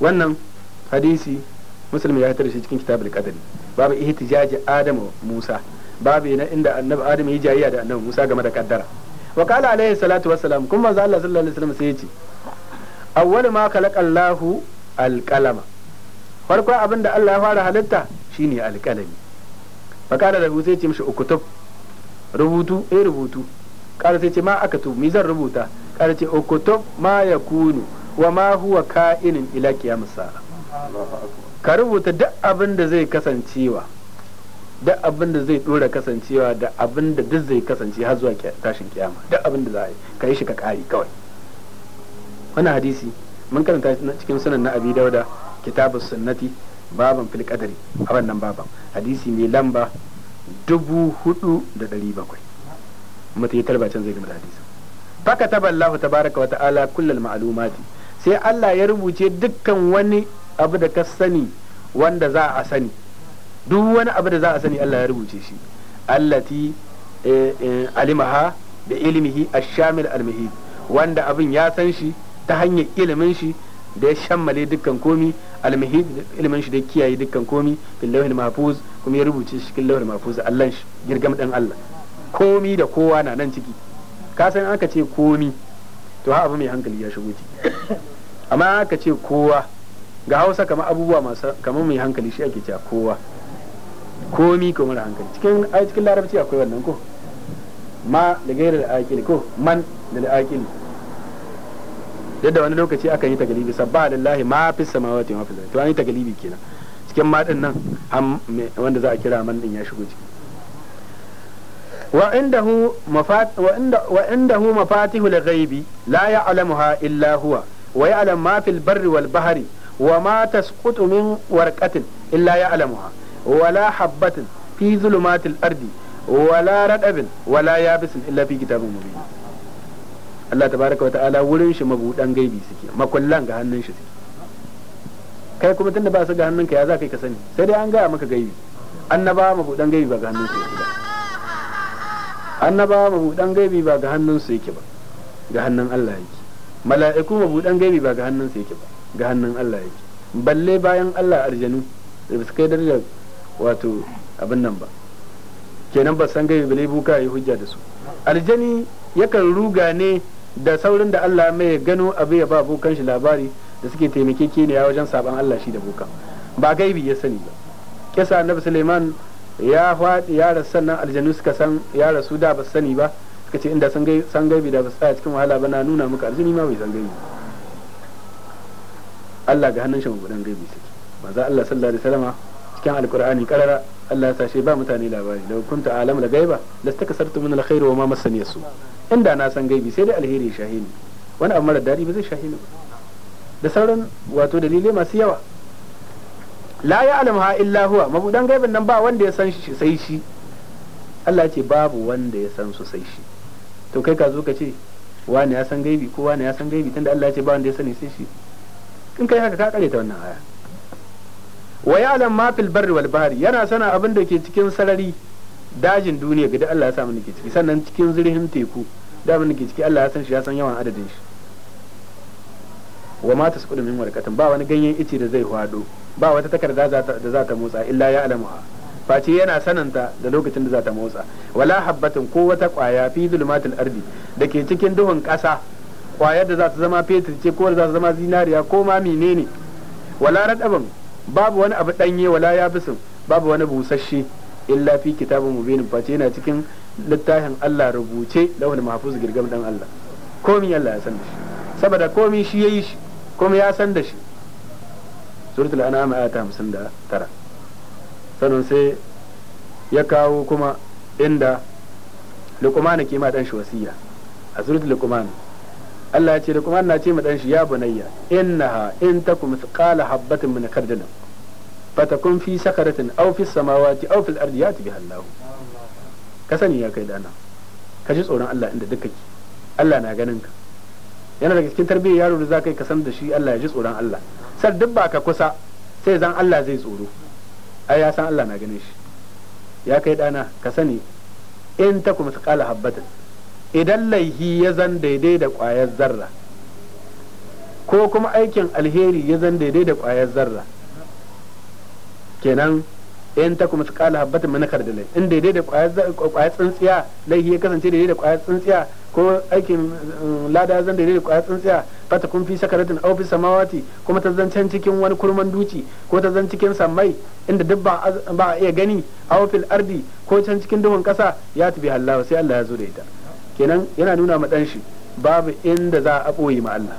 wannan hadisi musulmi ya fitar da shi cikin kitabul qadari babu ihtijaji adamu musa babu na inda annabi adamu ya jayiya da annabi musa game da kaddara wa qala alaihi salatu wassalam kuma manzo Allah sallallahu alaihi wasallam sai yace awwal ma khalaqa Allahu alqalama farko abinda da Allah ya fara halitta shine alqalami fa kana da sai yace mishi ukutub rubutu eh rubutu ƙara sai ce ma aka tu mi zan rubuta ƙara ce okotop ma ya kunu wa ma huwa ka'inin ila kiyamus sa'a ka rubuta duk abin da zai kasancewa duk abin da zai dora kasancewa da abin da duk zai kasance har zuwa tashin kiyama duk abin da za a yi ka yi shi ka kari kawai wannan hadisi mun karanta cikin sunan na abi dauda kitabus sunnati baban fil qadari a wannan baban hadisi mai lamba dubu hudu da ɗari bakwai mutum ya talbacin zai gama da hadisi faka ta baraka wa ta'ala kullal ma'alumati sai Allah ya rubuce dukkan wani abu da ka sani wanda za a sani duk wani abu da za a sani Allah ya rubuce shi Allah ti eh, eh, alimaha da ilimihi ashamil shamil al wanda abin ya san shi ta hanyar ilimin shi da ya shammale dukkan komi almuhid ilimin shi da kiyaye dukkan komi fil lawhil mahfuz kuma ya rubuce shi cikin lawhil mahfuz Allah shi girgam dan Allah komi da kowa na nan ciki ka san aka ce komi to ha abu mai hankali ya shigo ciki amma aka ce kowa ga Hausa kamar abubuwa masu kamar mai hankali shi ake cewa kowa komi ko mara hankali cikin cikin larabci akwai wannan ko ma da gairar aqil ko man da aqil yadda wani lokaci akan yi tagalibi sabba lillahi ma fi samawati ma fi to an yi tagalibi kenan cikin ma din nan wanda za a kira man din ya shigo ciki wa indahu mafat wa inda wa ghaibi la ya'lamuha illa huwa wa ya'lam ma fil barri wal bahri wa ma tasqutu min warqatin illa ya'lamuha wa la habatin fi zulumatil ardi wa la radabin wa la yabisin illa fi kitabin mubin Allah tabaraka wa ta'ala wurin shi mabudan gaibi suke makullan ga hannun shi suke kai kuma tunda ba su ga hannunka ya za kai ka sani sai dai an gaya maka gaibi annaba mabudan gaibi ba ga hannun su yake ba annaba mabudan gaibi ba ga hannun su yake ba ga hannun Allah yake mala'iku mabudan gaibi ba ga hannun su yake ba ga hannun Allah yake balle bayan Allah arjanu da su kai darajar wato abin nan ba kenan ba san gaibi bale buka yi hujja da su aljani yakan ruga ne da saurin da Allah mai gano abu ya ba bukan shi labari da suke taimake keniya wajen saban Allah shi da bukan ba gaibi ya sani ba kisa annabi Suleiman ya faɗi ya rasu sannan aljanu suka san ya rasu da ba sani ba suka ce inda san gaibi da ba su tsaya cikin wahala ba na nuna muka arzini ma bai san gaibi Allah ga hannun shi mabudan gaibi suke manzo Allah sallallahu alaihi wasallama cikin alqur'ani karara Allah ya sashe ba mutane labari da kunta alam la gaiba lastakasartu min alkhair wa ma massani yasu inda na san gaibi sai dai alheri shahi ne wani abu mara daɗi ba zai shahi ne da sauran wato dalilai masu yawa la ya'lamu ha illa huwa mabudan gaibin nan ba wanda ya san shi sai shi Allah ce babu wanda ya san su sai shi to kai ka zo ka ce wani ya san gaibi ko wani ya san gaibi tunda Allah ce ba wanda ya sani sai shi in kai haka ka kare ta wannan aya wa alam ma fil barri wal bahri yana sana abin da ke cikin sarari dajin duniya ga Allah ya sa mun ke ciki sannan cikin zurfin teku da mun ke ciki Allah ya san shi ya san yawan adadin shi wa ma tasqudu min warqatin ba wani ganyen ice da zai hwado ba wata takarda da za ta motsa illa ya alamu face yana sananta da lokacin da za ta motsa wala habbatin ko wata kwaya fi zulmatil ardi da ke cikin duhun kasa kwayar da za ta zama fetur ce ko za ta zama zinariya ko ma menene wala radabin babu wani abu danye wala yabisin babu wani busasshe illa fi kitabin mubinin face yana cikin littafin Allah rubuce lawal mahfuz girgam dan Allah komi Allah ya san da shi saboda komi shi yayi shi komi ya san da shi suratul an'am aya ta 59 sanan sai ya kawo kuma inda luqman ke ma dan shi wasiya a suratul luqman Allah ya ce luqman na ce ma dan shi ya bunayya innaha in takum thqala habatin min khardalin fatakun fi sakaratin aw fi samawati aw fil ardi yati biha Allah ka sani ya kai dana ka ji tsoron Allah inda duk kake Allah na ganin ka yana daga cikin tarbiyyar yaro da zaka yi ka san da shi Allah ya ji tsoron Allah sai duk ba ka kusa sai zan Allah zai tsoro ai ya san Allah na ganin shi ya kai dana ka sani in ta kuma kala habbatan. idan laihi ya zan daidai da ƙwayar zarra ko kuma aikin alheri ya zan daidai da ƙwayar zarra kenan in ta kuma su kala habbatin mana kardale in daidai da kwayar tsintsiya laihi ya kasance daidai da kwayar tsintsiya ko aikin mm, lada zan daidai da kwayar tsintsiya ba ta fi sakaratin aufi samawati kuma ta zancen cikin wani kurman duci ko ta zan cikin sammai inda duk ba a iya gani au ardi ko can cikin duhun kasa ya tafi halawa sai Allah ya zo da ita kenan yana nuna ma dan shi babu inda za a ɓoye ma Allah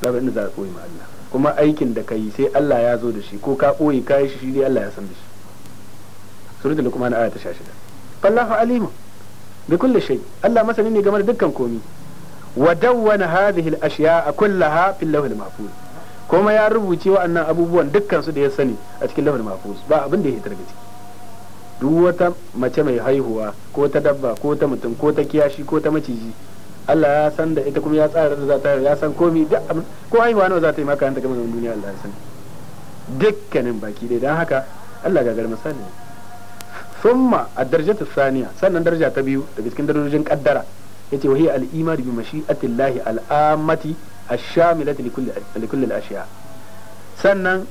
babu inda za a ɓoye ma Allah kuma aikin da ka yi sai Allah ya zo da shi ko ka boye yi shi shi dai Allah ya san da shi suratul luqman aya ta 16 Allahu alim bi kulli shay Allah masani ne game da dukkan komi wa dawwana hadhihi al-ashya'a kullaha fil lawhil mahfuz kuma ya rubuce wa'annan abubuwan dukkan su da ya sani a cikin lawhil mahfuz ba abin da ya hitar ciki. duk wata mace mai haihuwa ko ta dabba ko ta mutum ko ta kiyashi ko ta maciji Allah ya san da ita kuma ya tsara da za ta ya san komi duk abin ko haihuwa nawa za ta yi maka an ta gama zaman duniya Allah ya san dukkanin baki dai dan haka Allah gagar misali thumma ad-darajatu thaniya sannan daraja ta biyu daga cikin darajojin kaddara yace wa hiya al-iman bi Allah al amati ash-shamilati li kulli al-ashiya sannan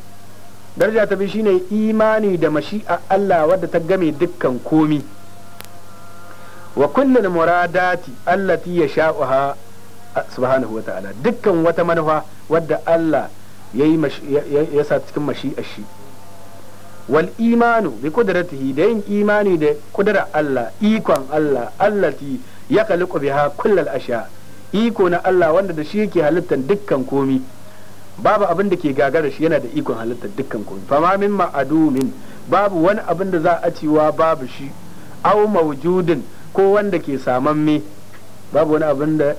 daraja ta biyu shine imani da mashi'a Allah wadda ta game dukkan komi wa kullul muradati allati yasha'uha ah, subhanahu wa ta'ala dukkan wata manufa wadda Allah ya sa cikin mashi'ar shi wal imanu bi qudratihi da yin imani da kudara Allah ikon Allah allati ya khaliqu biha kullal asha iko na Allah wanda da shi yake halittar dukkan komi babu abin da ke gagara shi yana da ikon halittar dukkan komi ma min ma'adumin babu wani abin da za a cewa babu shi aw mawjudin ko wanda ke saman me babu wani abin da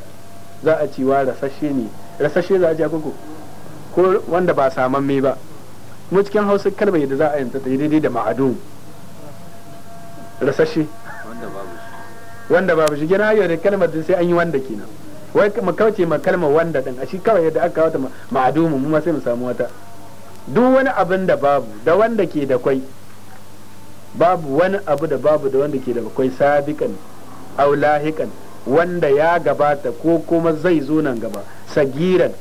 za a ciwa rasashe ne rasashe za a ci koko ko wanda ba saman me ba mu cikin hausa kalma yadda za a yanta ta daidai da ma'adu rasashe wanda babu shi gina yau da kalmar sai an yi wanda kenan wai mu kauce ma kalmar wanda din a shi kawai yadda aka wata ma'adu mu ma sai mu samu wata duk wani abin da babu da wanda ke da kwai babu wani abu da babu da wanda ke da bakwai sabikan aw wanda ya gabata ko kuma zai zo nan gaba sagiran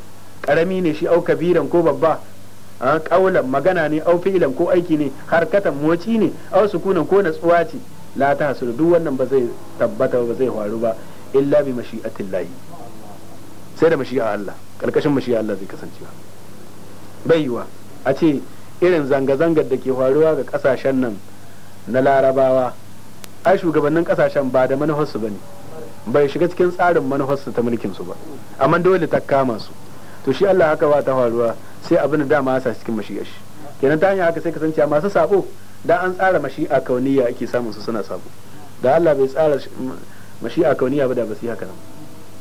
karami ne shi au kabiran ko babba a kaulan magana ne au fi'ilan ko aiki ne harkatan moci ne au sukunan ko natsuwa ce la ta hasulu duk wannan ba zai tabbata ba zai faru ba illa bi mashi'atillahi sai da mashi'a Allah karkashin mashi'a Allah zai kasance bai yiwa a ce irin zanga-zangar da ke faruwa ga kasashen nan na larabawa ai shugabannin kasashen ba da manufarsu ba ne bai shiga cikin tsarin manufarsu ta mulkin su ba amma dole ta kama su to shi Allah haka ba ta faruwa sai abin da dama ya sa cikin mashi'a shi kenan ta hanyar haka sai kasance masu sabo da an tsara mashi'a kauniya ake samun su suna sabo da Allah bai tsara mashi'a kauniya ba da ba su haka nan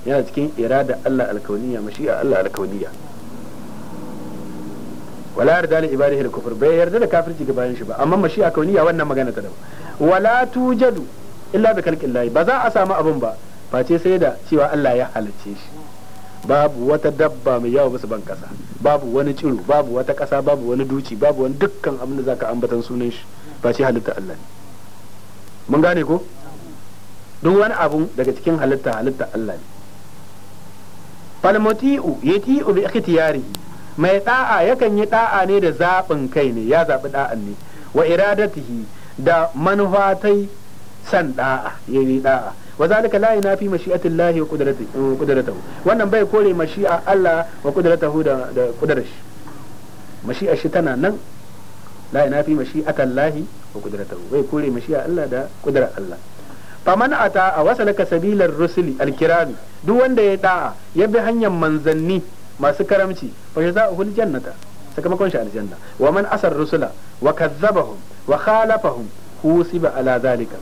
yana cikin irada Allah alkauniya mashi'a Allah alkauniya wala yarda li ibadihi da kufr bai yarda da kafirci ga bayan shi ba amma mashi mashi'a kauniya wannan magana ta da wala tujadu illa bi khalqillahi ba za a samu abun ba face sai da cewa Allah ya halicce shi babu wata dabba mai yawa musu ban kasa babu wani ciro babu wata kasa babu wani duci babu wani dukkan abin da zaka ambatan sunan shi face halitta Allah ne mun gane ko duk wani abu daga cikin halitta halitta Allah ne falmuti'u yati'u bi ikhtiyarihi mai da'a yakan yi da'a ne da zaɓin kai ne ya zaɓi da'an ne wa iradatihi da manufatai san da'a ya yi da'a wa zalika la yunafi mashi'atin lahi wa eh, hu wannan bai kore mashi'a Allah wa qudratahu da da qudrar shi mashi'a shi tana nan la yunafi mashi'atan lahi wa hu bai kore mashi'a Allah da qudrar Allah faman ata a laka sabilar rusuli alkirami duk wanda ya da'a ya bi hanyar manzanni masu karamci fa hul jannata sakamakon shi aljanna wa man asar rusula wa kazzabahum wa khalafahum husiba ala zalika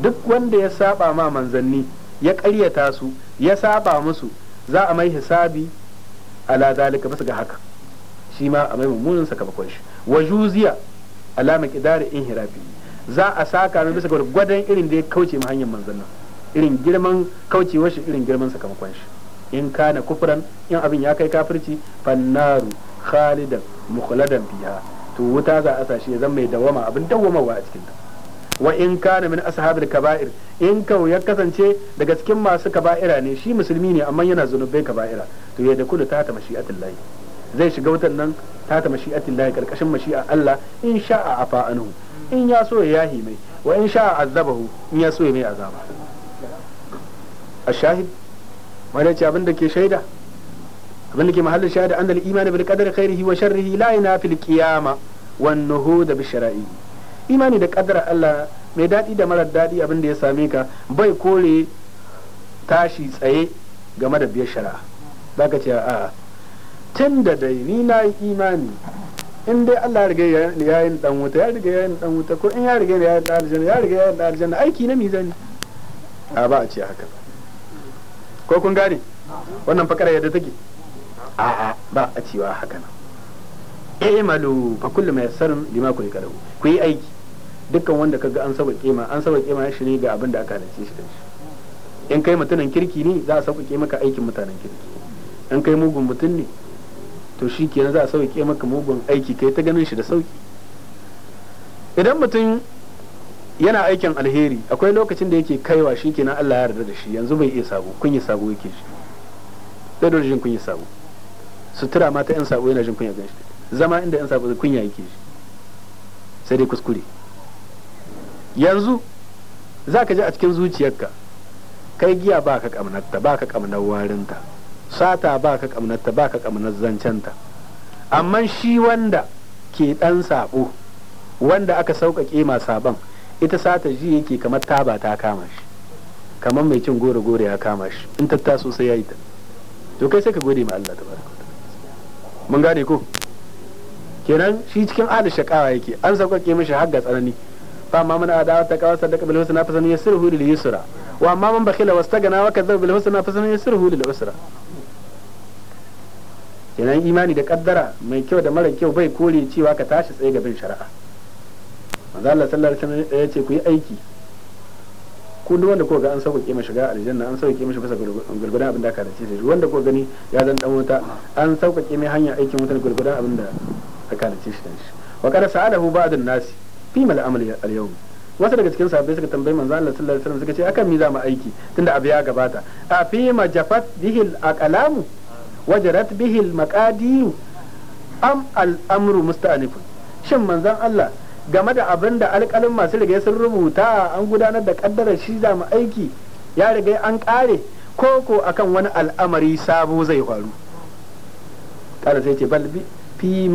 duk wanda ya saba ma manzanni ya ƙaryata su ya saba musu za a mai hisabi ala zalika bisa ga haka shi ma a mai mummunan sakamakon shi wa juziya ala maqdar inhirafi za a saka mai bisa ga gwadon irin da ya kauce ma hanyar manzannin irin girman kaucewar shi irin girman sakamakon shi in kana kufran in abin ya kai kafirci fannaru khalidan mukhladan biha to wuta za a sashi zan mai dawama abin dawamawa a cikin ta wa in kana min ashabil kaba'ir in kau ya kasance daga cikin masu kaba'ira ne shi musulmi ne amma yana zunubai kaba'ira to ya da kudu ta ta mashi'atillahi zai shiga wutan nan ta ta mashi'atillahi karkashin mashi'a Allah in sha'a afa anhu in ya so ya yahi mai wa in sha'a azabahu in ya so ya mai azaba ashahid wani ce abin da ke shaida abin da ke mahallin shaida an dal imani bil qadari khairihi wa sharrihi la ina fil qiyama wan nuhud bi shara'i imani da qadara Allah mai dadi da marar dadi abin da ya same ka bai kore tashi tsaye game da biyar shari'a zaka ce a'a tun da dai ni na yi imani in dai Allah ya riga ya yi dan wuta ya riga ya yi dan wuta ko in ya riga ya yi dan aljanna ya riga ya yi dan aljanna aiki na mizani a ba a ce haka ko kun gane wannan fakara yadda take a'a ba a cewa haka nan i'malu fa kullu ma yassarun lima kulika lahu ku yi aiki dukkan wanda kaga an saba kima an saba kima shi ne ga abin da aka halice shi da shi in kai mutumin kirki ne za a sauƙaƙe maka aikin mutanen kirki in kai mugun mutum ne to shi kenan za a sauƙaƙe maka mugun aiki kai ta ganin shi da sauƙi idan mutum yana aikin alheri akwai lokacin da yake kaiwa shi kenan Allah ya yarda da shi yanzu bai iya sabo kun yi sabo yake shi sai da jin kun yi sabo sutura mata yan sabo yana jin kunya gan shi zama inda yan sabo kunya yake shi sai dai kuskure yanzu za ka ji a cikin zuciyarka kai giya ba ka kamnatta ba ka kamnar warinta sata ba ka kamnatta ba ka kamnar zancenta amma shi wanda ke dan sabo wanda aka sauƙaƙe ma saban ita sata ji yake kamar taba ta kama shi kamar mai cin gore gore ya kama shi in tatta sosai ya yi ta to kai sai ka gode ma Allah tabaraka mun gane ko kenan shi cikin ahli shakawa yake an sauƙaƙe mishi har ga tsanani fa amma mana adawa ta kawo sadaka bil husna fa sanu yasiru lil yusra wa amma man bakhila wastagana wa kadzaba bil husna fa sanu yasiru lil usra kenan imani da kaddara mai kyau da mara kyau bai kore cewa ka tashi tsaye gaban shari'a manzo Allah sallallahu alaihi wasallam ya ce ku yi aiki ku duk wanda kuka ga an sauƙaƙe mai shiga aljanna an sauƙaƙe mai shiga gurgurda abin da aka dace shi wanda kuka gani ya zan dan wuta an sauƙaƙe mai hanya aikin wutar gurgurda abin da aka dace shi shi wa qad sa'adahu ba'd an nasi fi mal amali al-yawm wasu daga cikin sahabbai suka tambayi manzo Allah sallallahu alaihi wasallam suka ce akan mi za mu aiki tunda abu ya gabata a fi ma jafat bihi al-aqlam wajarat bihi al-maqadir am al-amru musta'nif shin manzo Allah game da abin da alƙalin masu riga sun rubuta an gudanar da ƙaddarar shi za mu aiki ya riga an ƙare ko ko akan wani al'amari sabo zai faru ƙara sai ce bal fi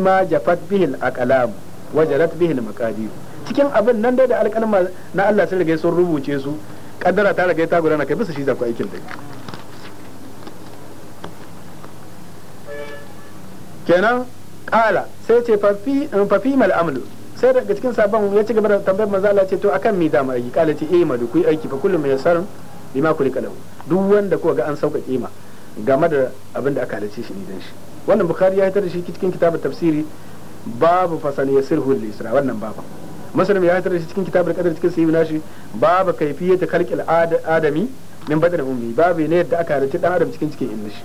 ma jafat bihil aqlam wajarat bihil maqadir cikin abin nan dai da alƙalin na Allah sun riga sun rubuce su ƙaddara ta riga ta gudana kai bisa shi za ku aikin dai kenan ƙala sai ce fafi mal'amalu sai daga cikin sabon ya ci gaba da tambayar manzo Allah ce to akan me zamu aiki kala ce eh madu ku aiki fa kullum yassarun bima kulika lahu duk wanda ko ga an sauƙaƙe ma game da abin da aka halice shi dan shi wannan bukhari ya hitar da shi cikin kitabun tafsiri babu fasan yassirhu lil isra wannan babu muslim ya hitar da shi cikin kitabar qadar cikin sahihi nashi babu kayfiyyat khalqil adami min badal ummi babu ne yadda aka halice dan adam cikin cikin shi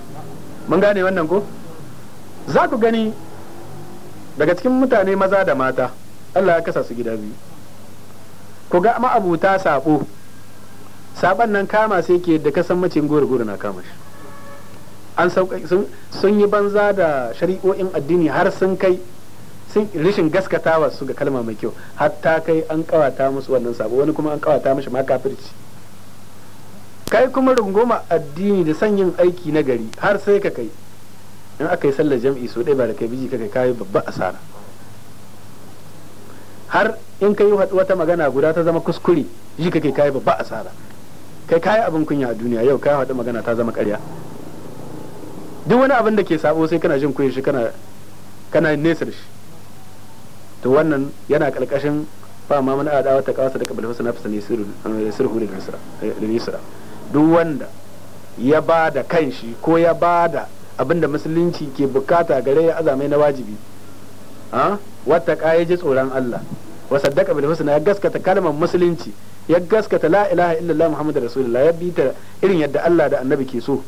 mun gane wannan ko za ku gani daga cikin mutane maza da mata Allah ya kasa su gida biyu ku ga ma'abuta sabo saban nan kama sai ke da kasan macin gori na kama shi an sun yi banza da shari'o'in addini har sun kai sun rishin gaskatawa su ga kalma mai kyau hatta kai an kawata musu wannan sabo wani kuma an kawata mashi ma kafirci kai kuma rungoma addini da sanyin aiki na gari har sai ka kai in aka yi sallar jam'i so ɗaya ba da kai biji ka kai kayi babba asara har in ka yi wata magana guda ta zama kuskure shi kake kai babba asara kai kai abin kunya a duniya yau kai wata magana ta zama ƙarya duk wani abin da ke sabo sai kana jin kuyin shi kana kana nesa da shi to wannan yana kalkashin ba ma mana adawa ta kawasa da kabal husa nafsa sirhu da nisra duk wanda ya ba da kanshi ko ya ba da abin da musulunci ke bukata gare ya azamai na wajibi a wata ya ji tsoron Allah wa saddaka bil husna ya gaskata kalmar musulunci ya gaskata la ilaha illallah muhammadur rasulullah ya bi ta irin yadda Allah da annabi ke so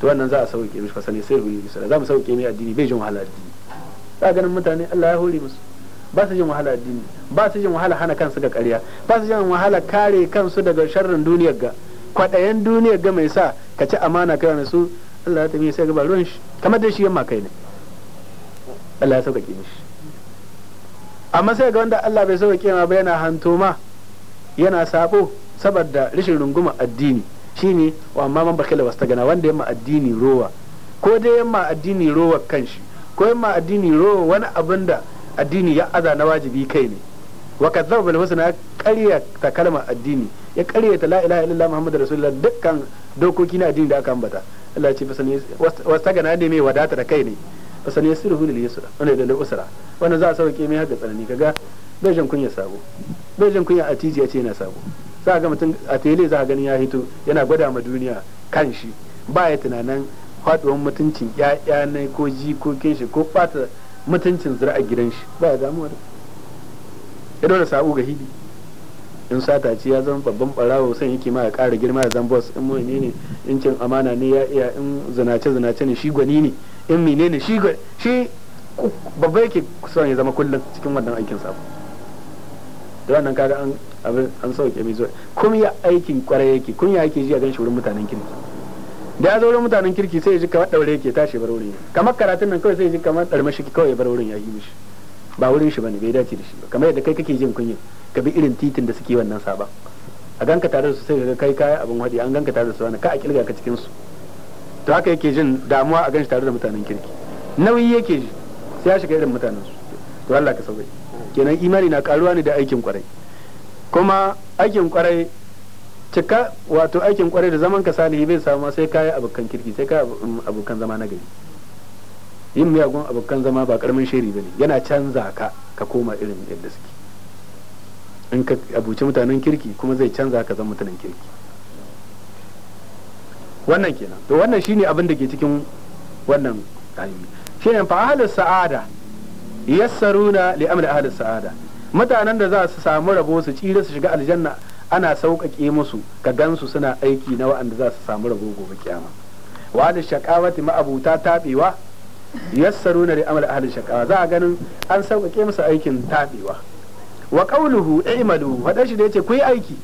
to wannan za a sauke mishi fasali sai rubuyi misali za mu sauke mai addini bai jin wahala addini za ganin mutane Allah ya hore musu ba su jin wahala addini ba su jin wahala hana kansu ga ƙarya ba su jin wahala kare kansu daga sharrin duniyar ga kwaɗayen duniyar ga mai sa ka ci amana kai wani su Allah ya tafi sai ga ba ruwan shi kamar da shi yamma kai ne Allah ya sauƙaƙe mishi amma sai ga wanda Allah bai sauƙaƙe ma ba yana hantoma yana sabo saboda rashin runguma addini shine wa amma man bakila wasta gana wanda yamma addini rowa ko dai yamma addini rowa kanshi ko yamma addini rowa wani abin da addini ya aza na wajibi kai ne wa kadzaba bil husna ƙarya ta kalma addini ya ƙarya ta la ilaha illallah muhammadur rasulullah dukkan dokoki na addini da aka ambata Allah ya ce fasani wasta gana ne mai wadata da kai ne fasal yasiruhu lil yusra wani da usra wani za a sauke mai haka tsanani kaga bejan kunya sabo bejan kunya a tijiya ce yana sabo za a ga mutum a tele za a gani ya hito yana gwada ma duniya kan shi ba ya tunanin faduwan mutuncin ya'ya ne ko jikokin shi ko bata mutuncin zira a gidan shi ba ya damuwa da ya dole sabo ga hidi in sata ce ya zama babban barawo san yake ma ya ƙara girma ya zan boss in mu ne in cin amana ne ya iya in zinace zinace ne shi gwani ne in menene shi shi babba yake son ya zama kullum cikin wannan aikin sa da wannan kaga an abin an sauke mai zuwa kun ya aikin kwarai yake kun ya yake ji a gan shi wurin mutanen kirki da ya zo wurin mutanen kirki sai ya ji kamar daure yake tashi bar wurin kamar karatun nan kawai sai ya ji kamar darmashi kawai ya bar wurin ya yi mishi ba wurin shi bane bai dace da shi ba kamar yadda kai kake jin kunya ka bi irin titin da suke wannan saba a ganka tare da su sai ka kai kai abin wadi an ganka tare da su wani ka a kirga ka cikin su to haka yake jin damuwa a ganshi tare da mutanen kirki nauyi yake ji sai ya shiga irin mutanen su to Allah ka sauke kenan imani na karuwa ne da aikin kwarai kuma aikin kwarai cika wato aikin kwarai da zaman ka salihi bai samu sai kai abokan kirki sai kai abokan zama na gari yin miyagun abokan zama ba karamin shiri bane yana canza ka ka koma irin yadda suke in ka abuci mutanen kirki kuma zai canza ka zama mutanen kirki wannan kenan to wannan shine abin da ke cikin wannan shi shine fa ahlus sa'ada yassaruna li amri ahlus sa'ada mutanen da za su samu rabo su tsira su shiga aljanna ana sauƙaƙe musu ka gansu suna aiki na wa'anda za su samu rabo gobe kiyama wa ahlus shaqawati ma'abuta tabewa yassaruna li amri ahlus shaqawa za a ganin an sauƙaƙe musu aikin taɓewa. wa qawluhu i'malu fadan shi da yace ku yi aiki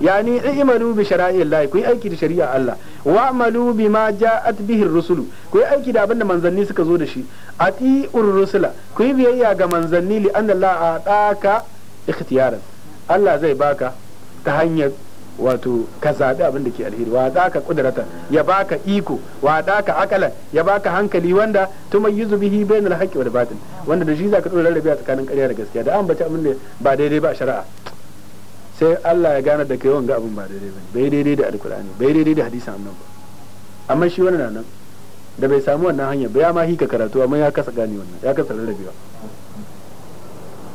yani i'malu bi shara'illahi ku yi aiki da shari'a Allah wa amalu bima ja'at bihi rusulu ku yi aiki da abinda manzanni suka zo da shi ati'ur rusula ku yi biyayya ga manzanni li anna Allah ataka ikhtiyaran Allah zai baka ta hanyar wato ka zaɓi abin da ke alheri wa da ka ƙudurata ya baka iko wa da ka akala ya baka hankali wanda tuma yi bihi bayan alhaƙi wa batin wanda da shi za ka ɗora rarrabe a tsakanin ƙarya da gaskiya da an bace abin da ba daidai ba a shari'a sai Allah ya gane da kai wanga abin ba daidai ba bai daidai da alkur'ani bai daidai da hadisan annabi ba amma shi wannan nan da bai samu wannan hanya ba ya ma hika karatu amma ya kasa gane wannan ya kasa rarrabewa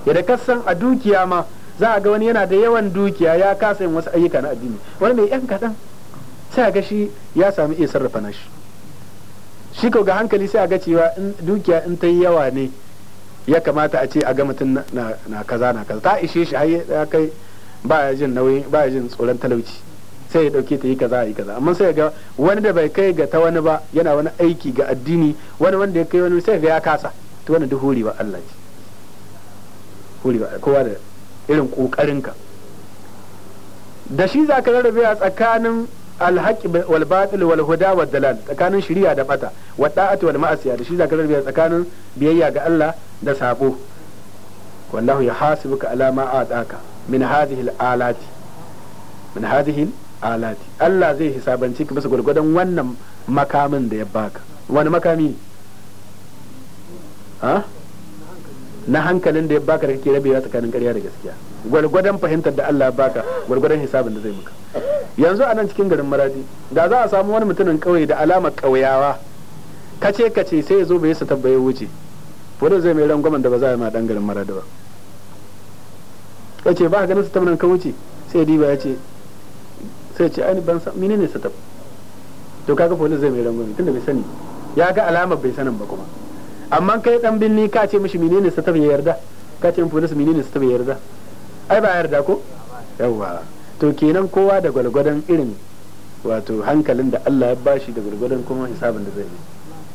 ya da kasan a dukiya ma za a ga wani yana da yawan dukiya ya kasa yin wasu ayyuka na addini wani mai yan kaɗan sai a ga shi ya sami iya sarrafa nashi shi ko ga hankali sai a ga cewa dukiya in ta yi yawa ne ya kamata a ce a ga mutum na kaza na kaza ta ishe shi har ya kai baya jin nauyin baya jin tsoron talauci sai ya dauke ta yi kaza yi kaza amma sai ga wani da bai kai ga ta wani ba yana wani aiki ga addini wani wanda ya kai wani sai ga ya kasa to wannan duk ba Allah ce horewa kowa da irin ƙoƙarinka da shi za ka rarrabe a tsakanin alhaƙi wal batil wal huda wal dalal tsakanin shari'a da bata wa da'ati wal ma'asiya da shi za ka rarrabe a tsakanin biyayya ga Allah da sabo wallahu yahasibuka ala ma ataka min hadhihi al alati min hadhihi al alati Allah zai hisabance ka bisa gurgurdan wannan makamin da ya baka wani makami ha na hankalin da ya baka da kake rabewa tsakanin ƙarya da gaskiya gwargwadon fahimtar da Allah baka gwargwadon hisabin da zai maka yanzu a nan cikin garin maradi da za a samu wani mutumin ƙauye da alama ƙauyawa kace kace sai ya zo bai sata bai wuce wanda zai mai rangwamen da ba za a yi ma dan garin maradi ba yace ba ganin sata nan ka wuce sai diba ya ce sai ce ai ban san menene sata to kaga police zai mai rangwamen tunda bai sani ya ga alama bai sanin ba kuma amma kai dan binni ka ce mishi menene sa tafi yarda ka ce menene sa tafi yarda ai ba yarda ko yawa to kenan kowa da gwalgwadon irin wato hankalin da Allah ya bashi da gwalgwadon kuma hisabin da zai yi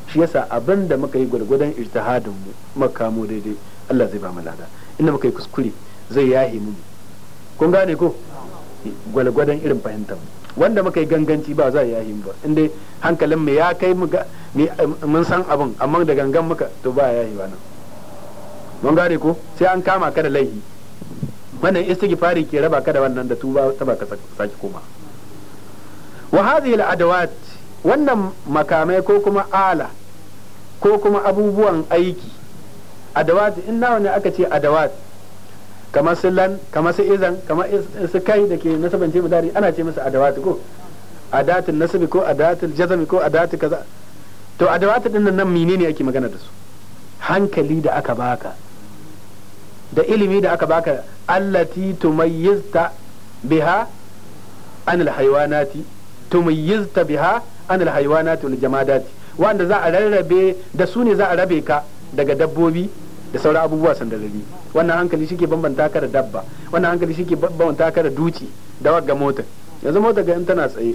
shi yasa abin da muka yi gwalgwadon ijtihadin mu makamo daidai Allah zai ba mu lada inda muka yi kuskure zai yahi mu kun gane ko gwalgwadon irin fahimtar mu wanda muka yi ganganci ba za a yahin ba inda hankalin mu ya kai mun san abin amma da gangan muka to ba ya yahi ba nan mun gane ko sai an kama ka da laihi wannan istighfari ke raba ka da wannan da tuba ta baka saki koma wa hadhihi al-adawat wannan makamai ko kuma ala ko kuma abubuwan aiki adawat in nawa ne aka ce adawat kamar su lan kamar su izan kamar su kai da ke nasabance mudari ana ce masa adawatu ko adatul nasabi ko adatul jazmi ko adatul kaza to adawatu din nan menene ake magana da su hankali da aka baka da ilimi da aka baka allati tumayyizta biha anil haywanati tumayyizta biha anil haywanati wal jamadati wanda za a rarrabe da su ne za a rabe ka daga dabbobi da sauran abubuwa sandalari wannan hankali shi ke bambanta ka da dabba wannan hankali shi ke bambanta ka da duci da wagga motar yanzu motar ga in tana tsaye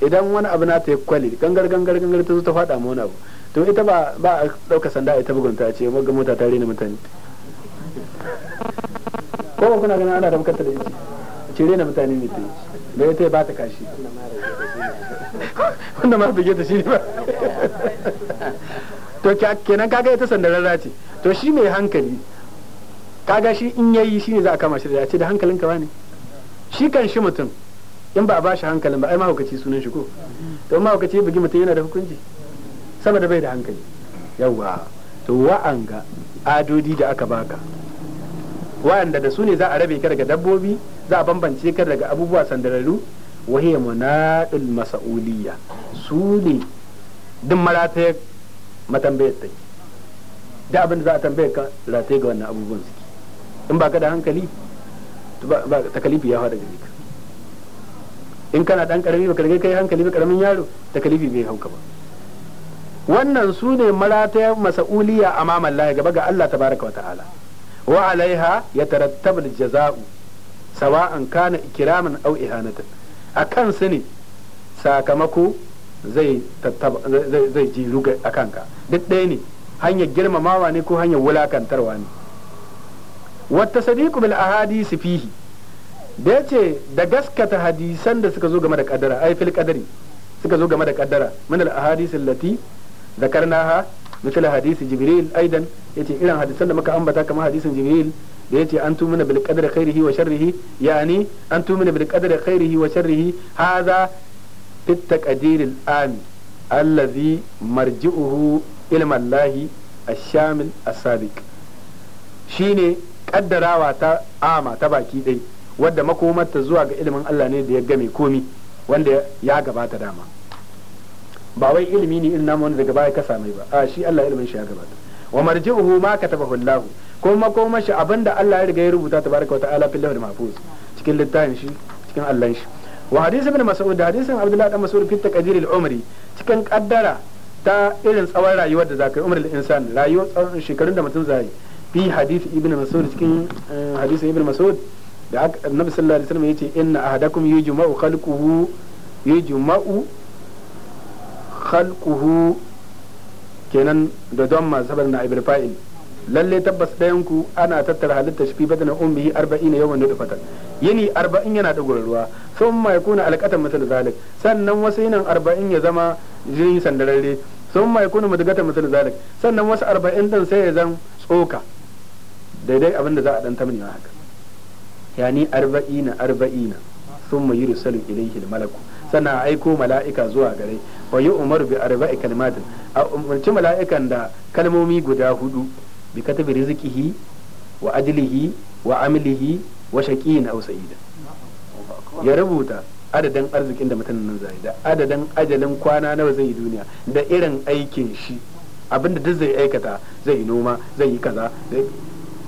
idan wani abu na ta yi kwali gangar gangar gangar ta zo ta faɗa ma wani abu to ita ba ba a ɗauka sanda ita bugunta ce wagga mota ta rena mutane ko ba kuna ganin ana da bukatar da ita ce rena mutane ne ta yi da ita ba ta kashi wanda ma bige ta shi ba to kenan kaga ita sandararra ce to shi mai hankali kaga shi in yayi shine za a kama shi da ce da hankalin ba ne shi kan shi mutum in ba a ba shi hankalin ba ai mahaukaci sunan shi ko to mahaukaci bugi mutum yana da hukunci saboda bai da hankali yawa to wa'anga adodi da aka baka wa'anda da su ne za a rabe ka daga dabbobi za a bambance ka daga abubuwa sandararru wahiya munadul masa'uliyya su ne duk marata matambayar take da abin da za a tambaye ka rataye ga wannan abubuwan suke in ba ka da hankali ba takalifi ya fara gare ka in kana dan karami ba karge kai hankali ba karamin yaro takalifi bai hauka ba wannan su ne marata masa'uliya a lahi gaba ga Allah tabaraka baraka ta'ala wa alaiha ya tarattaba jaza'u sawa'an kana ikiramin au ihanatan a kan su ne sakamako zai jiru a kanka duk ɗaya ne hanyar girmamawa ne ko hanyar wulakantarwa ne wata sadiku bil ahadisi fihi da ya ce da gaskata hadisan da suka zo game da kaddara ai fil kadari suka zo game da kaddara min al ahadisi allati zakarnaha misal hadisi jibril aidan yace irin hadisan da muka ambata kamar hadisin jibril da yace an tumina bil qadri khairihi wa sharrihi yani an tumina bil qadri khairihi wa sharrihi hadha fit taqdir al ami allazi marji'uhu ilman lahi sadiq shi ne kaddarawa ta ama ta baki dai wadda makomarta zuwa ga ilimin Allah ne da ya game komi wanda ya gabata dama ba wai ilimi ne irin namu wanda daga baya ka same ba a shi Allah ilimin shi ya gabata wa marji'uhu ma taba Allah ko makomar shi abinda Allah ya riga ya rubuta tabaraka wa ta'ala fil lawhil mahfuz cikin littafin shi cikin Allah shi wa hadisi ibn mas'ud da hadisin Abdullah dan Mas'ud fi taqdir al-umri cikin kaddara ta irin tsawon rayuwar da zakai umar insan rayuwar tsawon shekarun da mutum zai fi hadith ibn mas'ud cikin eh, hadith ibn mas'ud da annabi sallallahu alaihi wasallam yace inna ahadakum yujma'u khalquhu yujma'u khalquhu kenan da don ma sabar na ibn fa'il lalle tabbas dayan ku ana tattara halitta shi fi badana ummihi 40 yawan da fatar yini arba'in yana da ruwa sun ma kuna alƙatan misal zalik sannan wasu yinan arba'in ya zama jini sandararre sun ma kuna mudgatan misal zalik sannan wasu arba'in ɗin sai ya zan tsoka daidai abinda za a ɗan tamniwa haka yani arba'ina arba'ina sun ma yursalu ilayhi malaku sannan aiko mala'ika zuwa gare wa yi umar bi arba'i kalimatin a umarci mala'ikan da kalmomi guda hudu bi katabi rizqihi wa ajlihi wa amlihi wa shaqiyin aw ya rubuta adadin arzikin da mutanen nan zai da adadin ajalin kwana nawa zai yi duniya da irin aikin shi abinda duk zai aikata zai yi noma zai yi kaza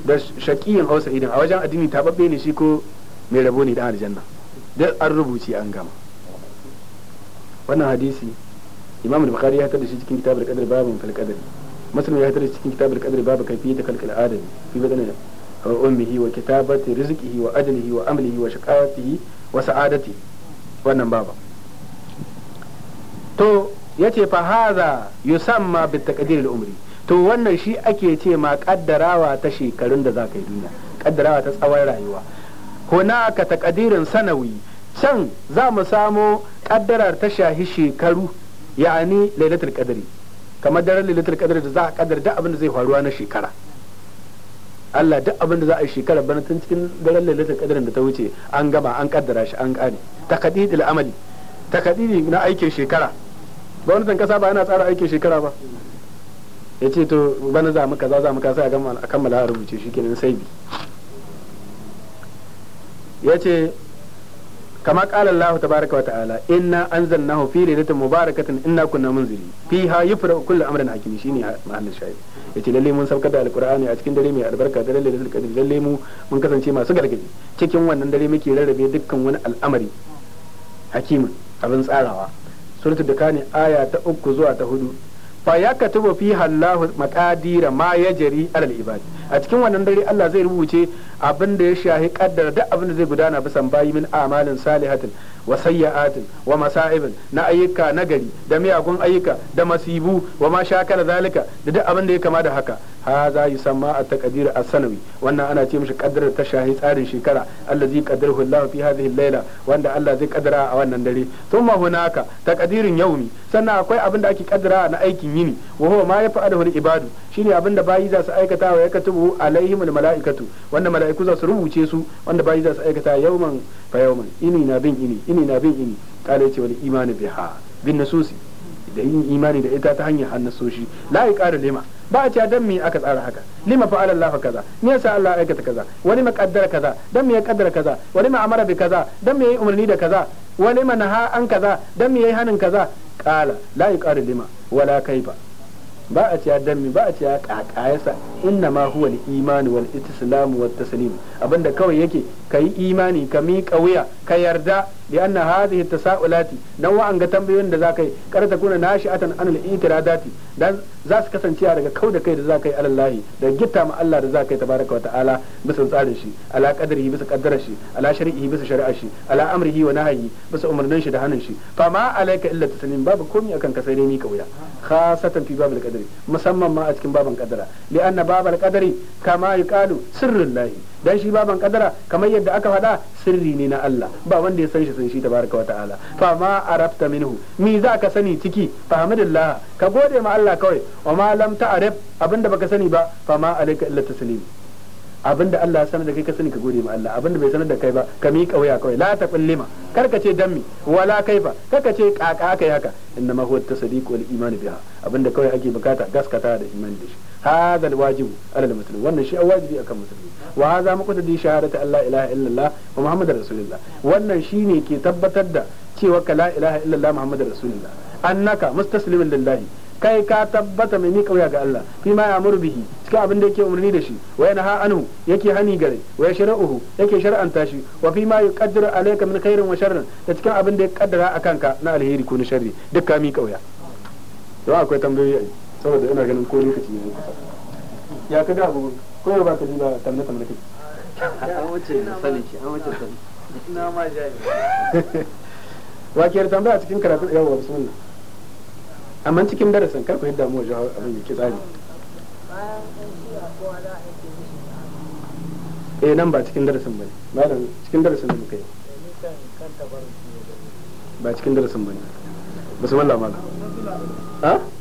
da shaƙiyin aw sa'idan a wajen addini taɓaɓɓe ne shi ko mai rabo ne da aljanna duk an rubuce an gama wannan hadisi imam al-bukhari ya hatar da shi cikin kitabul qadr Babu fil qadr muslim ya hatar da shi cikin kitabul qadr babu kayfiyat khalqil adam fi badana wa ummihi wa kitabati rizqihi wa ajlihi wa amlihi wa shaqawatihi wannan baba to yace fa hadha yusamma bi taqdir al umri to wannan shi ake ce ma kaddarawa ta shekarun da zaka yi duniya kaddarawa ta tsawon rayuwa hunaka takadirin sanawi can za mu samo kaddarar ta shahi shekaru ya'ani lailatul qadri kamar daren lailatul qadri da za a kaddara duk abin da zai faruwa na shekara Allah duk abin da za a yi shekara bana tun cikin daren lailatul qadr da ta wuce an gama an kaddara shi an kare taqdidul amali taqdidi na aikin shekara ba wani gwamnatin kasa ba yana tsara aikin shekara ba ya ce to bana za mu kaza za mu kaza a kammala a rubuce shi kenan sai bi ya ce كما قال الله تبارك وتعالى إنا أنزلناه في ليلة مباركة إنا كنا منزلين فيها يفرق كل أمر حكيم شيني محل الشاهد yace lalle mun saukar da alkur'ani a cikin dare mai albarka dare da qadr lalle mu mun kasance masu gargadi. cikin wannan dare muke rarrabe dukkan wani al'amari hakimin abin tsarawa suratul ne aya ta uku zuwa ta hudu fa ya katubu fi hallahu maqadira ma yajri alal ibad a cikin wannan dare Allah zai rubuce abin da ya shahi kaddara duk abin da zai gudana bisan bayi min amalin salihatin wa sayyi'atin wa masa'ibin na ayyuka nagari da miyagun ayyuka da masibu wa ma kana zalika da duk abin da ya kama da haka Ha yi yusamma a taqdir as-sanawi wannan ana ce mishi kaddara ta shahi tsarin shekara allazi qadarahu Allah fi hadhihi al-laila wanda Allah zai kaddara a wannan dare thumma hunaka taqdirin yawmi sannan akwai abin da ake kaddara na aikin yini wa huwa ma yafa'aluhu al-ibadu shine abin da bayi za su aikata wa tubu alaihim mala'ikatu wanda mala'iku za su rubuce su wanda bayi za su aikata yawman fa yawman ini na bin ini ini na bin ini kale ce wani imani biha bin nasusi da yin imani da ita ta hanyar hannasoshi la ƙara lima ba a ce dan me aka tsara haka lima fa'ala Allah kaza me yasa Allah ya aikata kaza wani ma kaddara kaza dan me ya kaddara kaza wani ma amara bi kaza dan me yayi umarni da kaza wani ma naha an kaza dan me yayi hanin kaza qala la ƙara lima wala kaifa ba a ciya dammi ba a ciya kakayasa inna ma huwa imani wal islamu wat taslim abinda kawai yake kai imani ka miƙa wuya ka yarda bi anna ta tasaulati dan wa'an ga tambayoyin da zakai kar ta kuna nashi'atan anil dati dan za su kasance daga kau da kai da za yi alallahi da gita ma Allah da ta tabaraka wa ta'ala bisa tsarin shi ala qadrihi bisa qaddarar shi ala bisa shari'ar shi ala amrihi wa nahyi bisa umarnin shi da hannun shi fa ma alayka illa sanin babu komai akan ka sai dai ka wuya khasatan fi babul qadri musamman ma a cikin babin qadara li anna babul qadri kama sirrin lahi. dan shi baban kadara kamar yadda aka faɗa sirri ne na Allah ba wanda ya san shi san shi tabaraka wataala fa ma arafta minhu mi za ka sani ciki fa hamdulillah ka gode ma Allah kawai wa ma lam ta'rif abinda baka sani ba fa ma alayka illa taslim abinda Allah ya sanar da kai ka sani ka gode ma Allah abinda bai sanar da kai ba ka mi kauya kawai la ta kullima kar ka ce dammi wala kai ba kar ka ce kaka kai haka inna ma huwa tasdiq wal iman biha abinda kawai ake bukata gaskata da imani da shi hadha alwajibu ala wannan shi wajibi akan musulmi wa hadha muqtadi shahadati alla ilaha illallah wa muhammadar rasulullah wannan ke tabbatar da cewa ka la ilaha illallah muhammadar rasulullah annaka mustaslimin lillahi kai ka tabbata mai mika wuya ga Allah fi ma ya'muru cikin abin da yake umarni da shi wa na anhu yake hani gare wa yashra'uhu yake shar'anta shi wa fi ma yuqaddiru alayka min kairin wa sharrin da cikin abin da ya kaddara akan ka na alheri ko na sharri duk ka mika wuya to akwai tambayoyi saboda ina ganin ko lokaci ne kusa ya kaga abu ko ba ta ji ba tamna tamna kai ya wuce da sanin shi an wuce sanin na ma jayi wakiyar tambaya cikin karatun yawa bismillah amma cikin darasin kar ku yi mu wajen abin ke tsari eh nan ba cikin darasin bane malam cikin darasin da muka yi ba cikin darasin bane bismillah malam ha